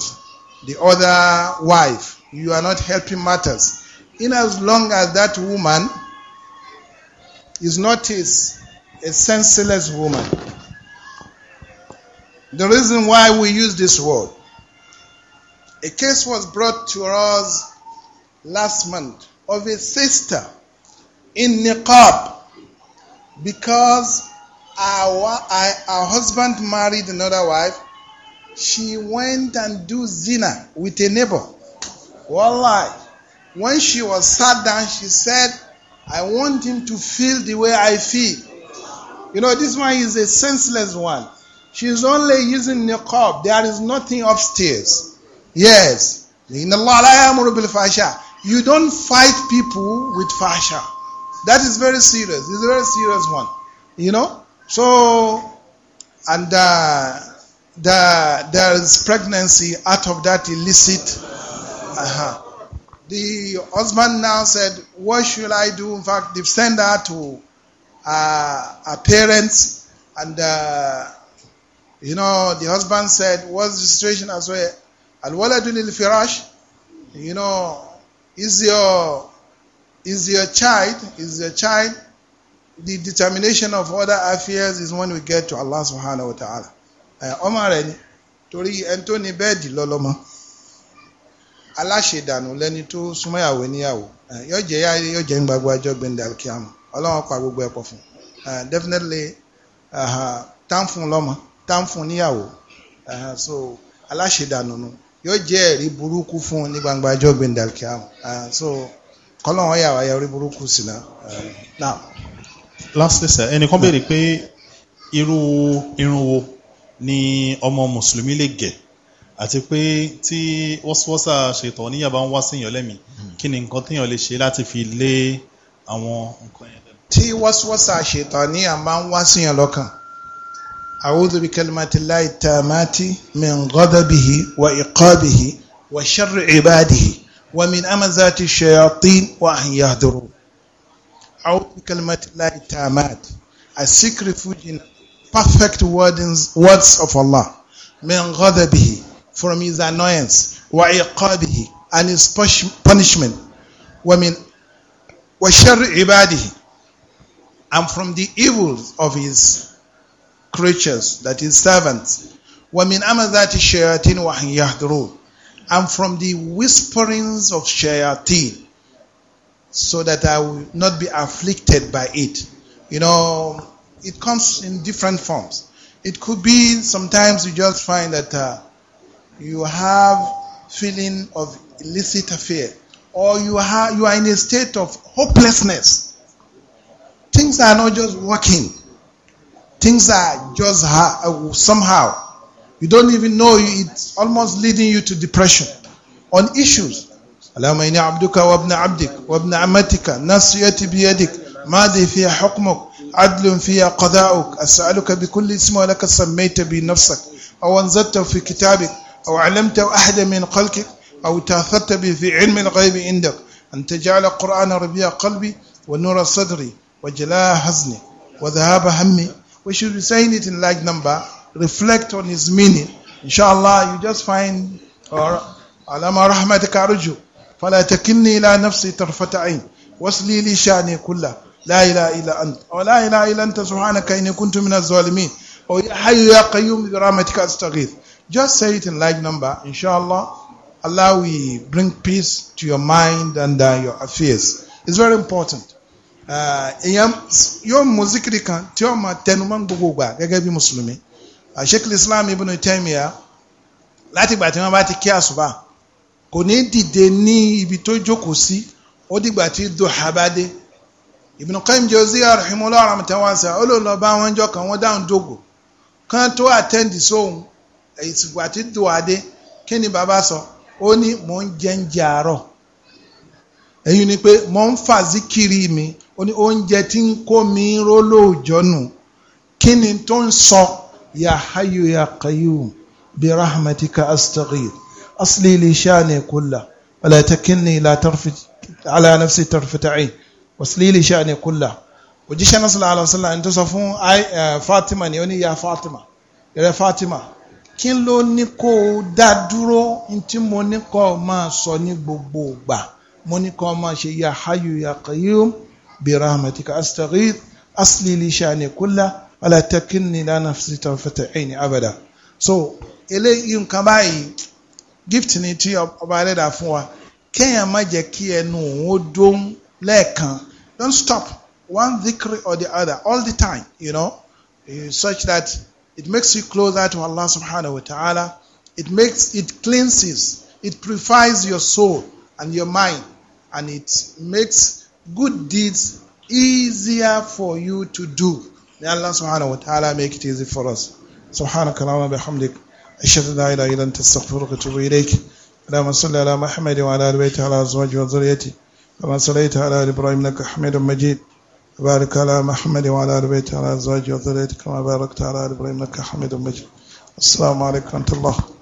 the other wife you are not helping matters. In as long as that woman is not a, a senseless woman. The reason why we use this word. A case was brought to us last month of a sister in niqab because our, our husband married another wife. She went and do zina with a neighbor. Wallahi, when she was sat down, she said, I want him to feel the way I feel. You know, this one is a senseless one. She's only using niqab. There is nothing upstairs. Yes. You don't fight people with fasha. That is very serious. It's a very serious one. You know? So, and uh, the, there is pregnancy out of that illicit Uh-huh. The husband now said, What should I do? In fact, they've sent her to uh, her parents, and uh, you know, the husband said, What's the situation as well? And what Al waladu lil firash, you know, is your is your child, is your child, the determination of other affairs is when we get to Allah subhanahu wa ta'ala. Ọmọ rẹ̀ ni, torí ẹni tó ní bẹ́ẹ̀dì aláṣẹdànù lẹni tó súnmọ́ ìyàwó níyàwó yóò jẹ́ yóò jẹ́ gbagba ọjọ́ gbẹ̀ndà kíámù ọlọ́run pa gbogbo ẹ̀pọ̀ fún definitely tá ń fún lọ́mọ tá níyàwó so aláṣẹdànù nu yóò jẹ́ ẹ̀rí burúkú fún ní gbangba ọjọ́ gbẹ̀ndà kíámù so kọ́lọ́run ọ̀yà wáyà orí burúkú sí náà. now
lastly sir ẹnìkan béèrè pé irú irun wo ni ọmọ mùsùlùmí lè gẹ̀ àti pé tí wọ́sọ́wọ́sà ṣètò níyà bá ń wá síyàn lẹ́mí hmm. kí ni nǹkan téèyàn lè ṣe láti fi lé àwọn nǹkan yẹn lẹ́nu. tí wọ́sọ́wọ́sà ṣètò níyà
bá ń wá síyàn lọ́kàn a'udhu bi kalimatillahi tamati min ghadabihi wa iqabihi wa sharri ibadihi wa min amazati shayatin wa an yahduru a'udhu bi kalimatillahi tamati I seek in perfect words of Allah min from his annoyance وعقابه and his punishment ومن وشر عباده and from the evils of his creatures that is servants ومن amazati الشياطين wa يهدرون and from the whisperings of shayateen so that I will not be afflicted by it. You know, it comes in different forms. It could be sometimes you just find that uh, you have feeling of illicit affair or you are you are in a state of hopelessness things are not just working things are just uh, somehow you don't even know it's almost leading you to depression on issues اللهم إني عبدك وابن عبدك وابن عمتك ناصيتي بيدك ماضي فيها حكمك عدل فيها قضاؤك أسألك بكل اسم ولك سميت به أو أنزلته في كتابك أو علمت أحدا من قلبك أو تأثرت به في علم الغيب عندك أن تجعل القرآن ربيع قلبي ونور صدري وجلاء حزني وذهاب همي we should recite it in large number reflect on his meaning إن inshallah you just find or ما رحمتك أرجو فلا تكني إلى نفسي طرفة عين واسلي لي شأني كله لا إله إلا أنت أو لا إله إلا أنت سبحانك إني كنت من الظالمين أو يا حي يا قيوم برحمتك أستغيث Just say it in like number, inshallah. Allah we bring peace to your mind and uh, your affairs. It's very important. Uh, èèyàn yóò mú zikiri kan tí ó máa tẹnumọ́ gbogbo gbà gẹ́gẹ́ bí Mùsùlùmí. Uh, Sheikh Islam Ibn Taymiyyah láti ìgbà tí wọ́n bá ti kí àsùbà kò ní dìde ní ibi tó jókòó sí ó dìgbà tí duha bá dé. Ibn Qayyim Jawziyya rahimahullah rahmatan wasi'a ó lò lọ bá wọn jọ kan wọ́n dáhùn jókòó kan tó attend sóhun ìsìnkú àti dùwádé kí ni bàbá sọ ó ní mò ń jẹ oúnjẹ àárọ̀ èyí ni pé mò ń fà síkìrì mi ó ní oúnjẹ tí ń kó mi ró lóòjọ́ nù kí ni tó ń sọ ya hayyu ya qayyum bi rahmatika astaghith asli li shani kulla wala takilni ila tarfi ala nafsi tarfata ayn wasli li shani kulla òjíṣẹ́ náà sallallahu alaihi wasallam tó sọ fún eh, Fatima ni ó ní ya Fatima ìrẹ Fatima kí ló ní kó o dá dúró tí mo ní kó o máa sọ ní gbogbo ìgbà mo ní kó o máa ṣe ya hayu ya qayyum bi rahmatika astaghith asli li shani kulla wala takinni la nafsi tarfata aini abada so eléyìí nǹkan báyìí gift ni tí ọba rẹ̀ dà fún wa kéèyàn má jẹ́ kí ẹnu òun ó dóhùn lẹ́ẹ̀kan don't stop one dhikri or the other all the time you know eh, such that It makes you closer to Allah subhanahu wa ta'ala. It makes it cleanses, it purifies your soul and your mind, and it makes good deeds easier for you to do. May Allah subhanahu wa ta'ala make it easy for us. سبحانك اللهم وبحمدك أشهد أن لا إله إلا أنت أستغفرك وأتوب إليك اللهم صل على محمد وعلى آل بيته وعلى أزواجه وذريته كما صليت على إبراهيم إنك حميد مجيد بارك على محمد وعلى آل بيته وعلى أزواجه وذريته كما باركت على آل إبراهيم إنك حميد مجيد السلام عليكم ورحمة الله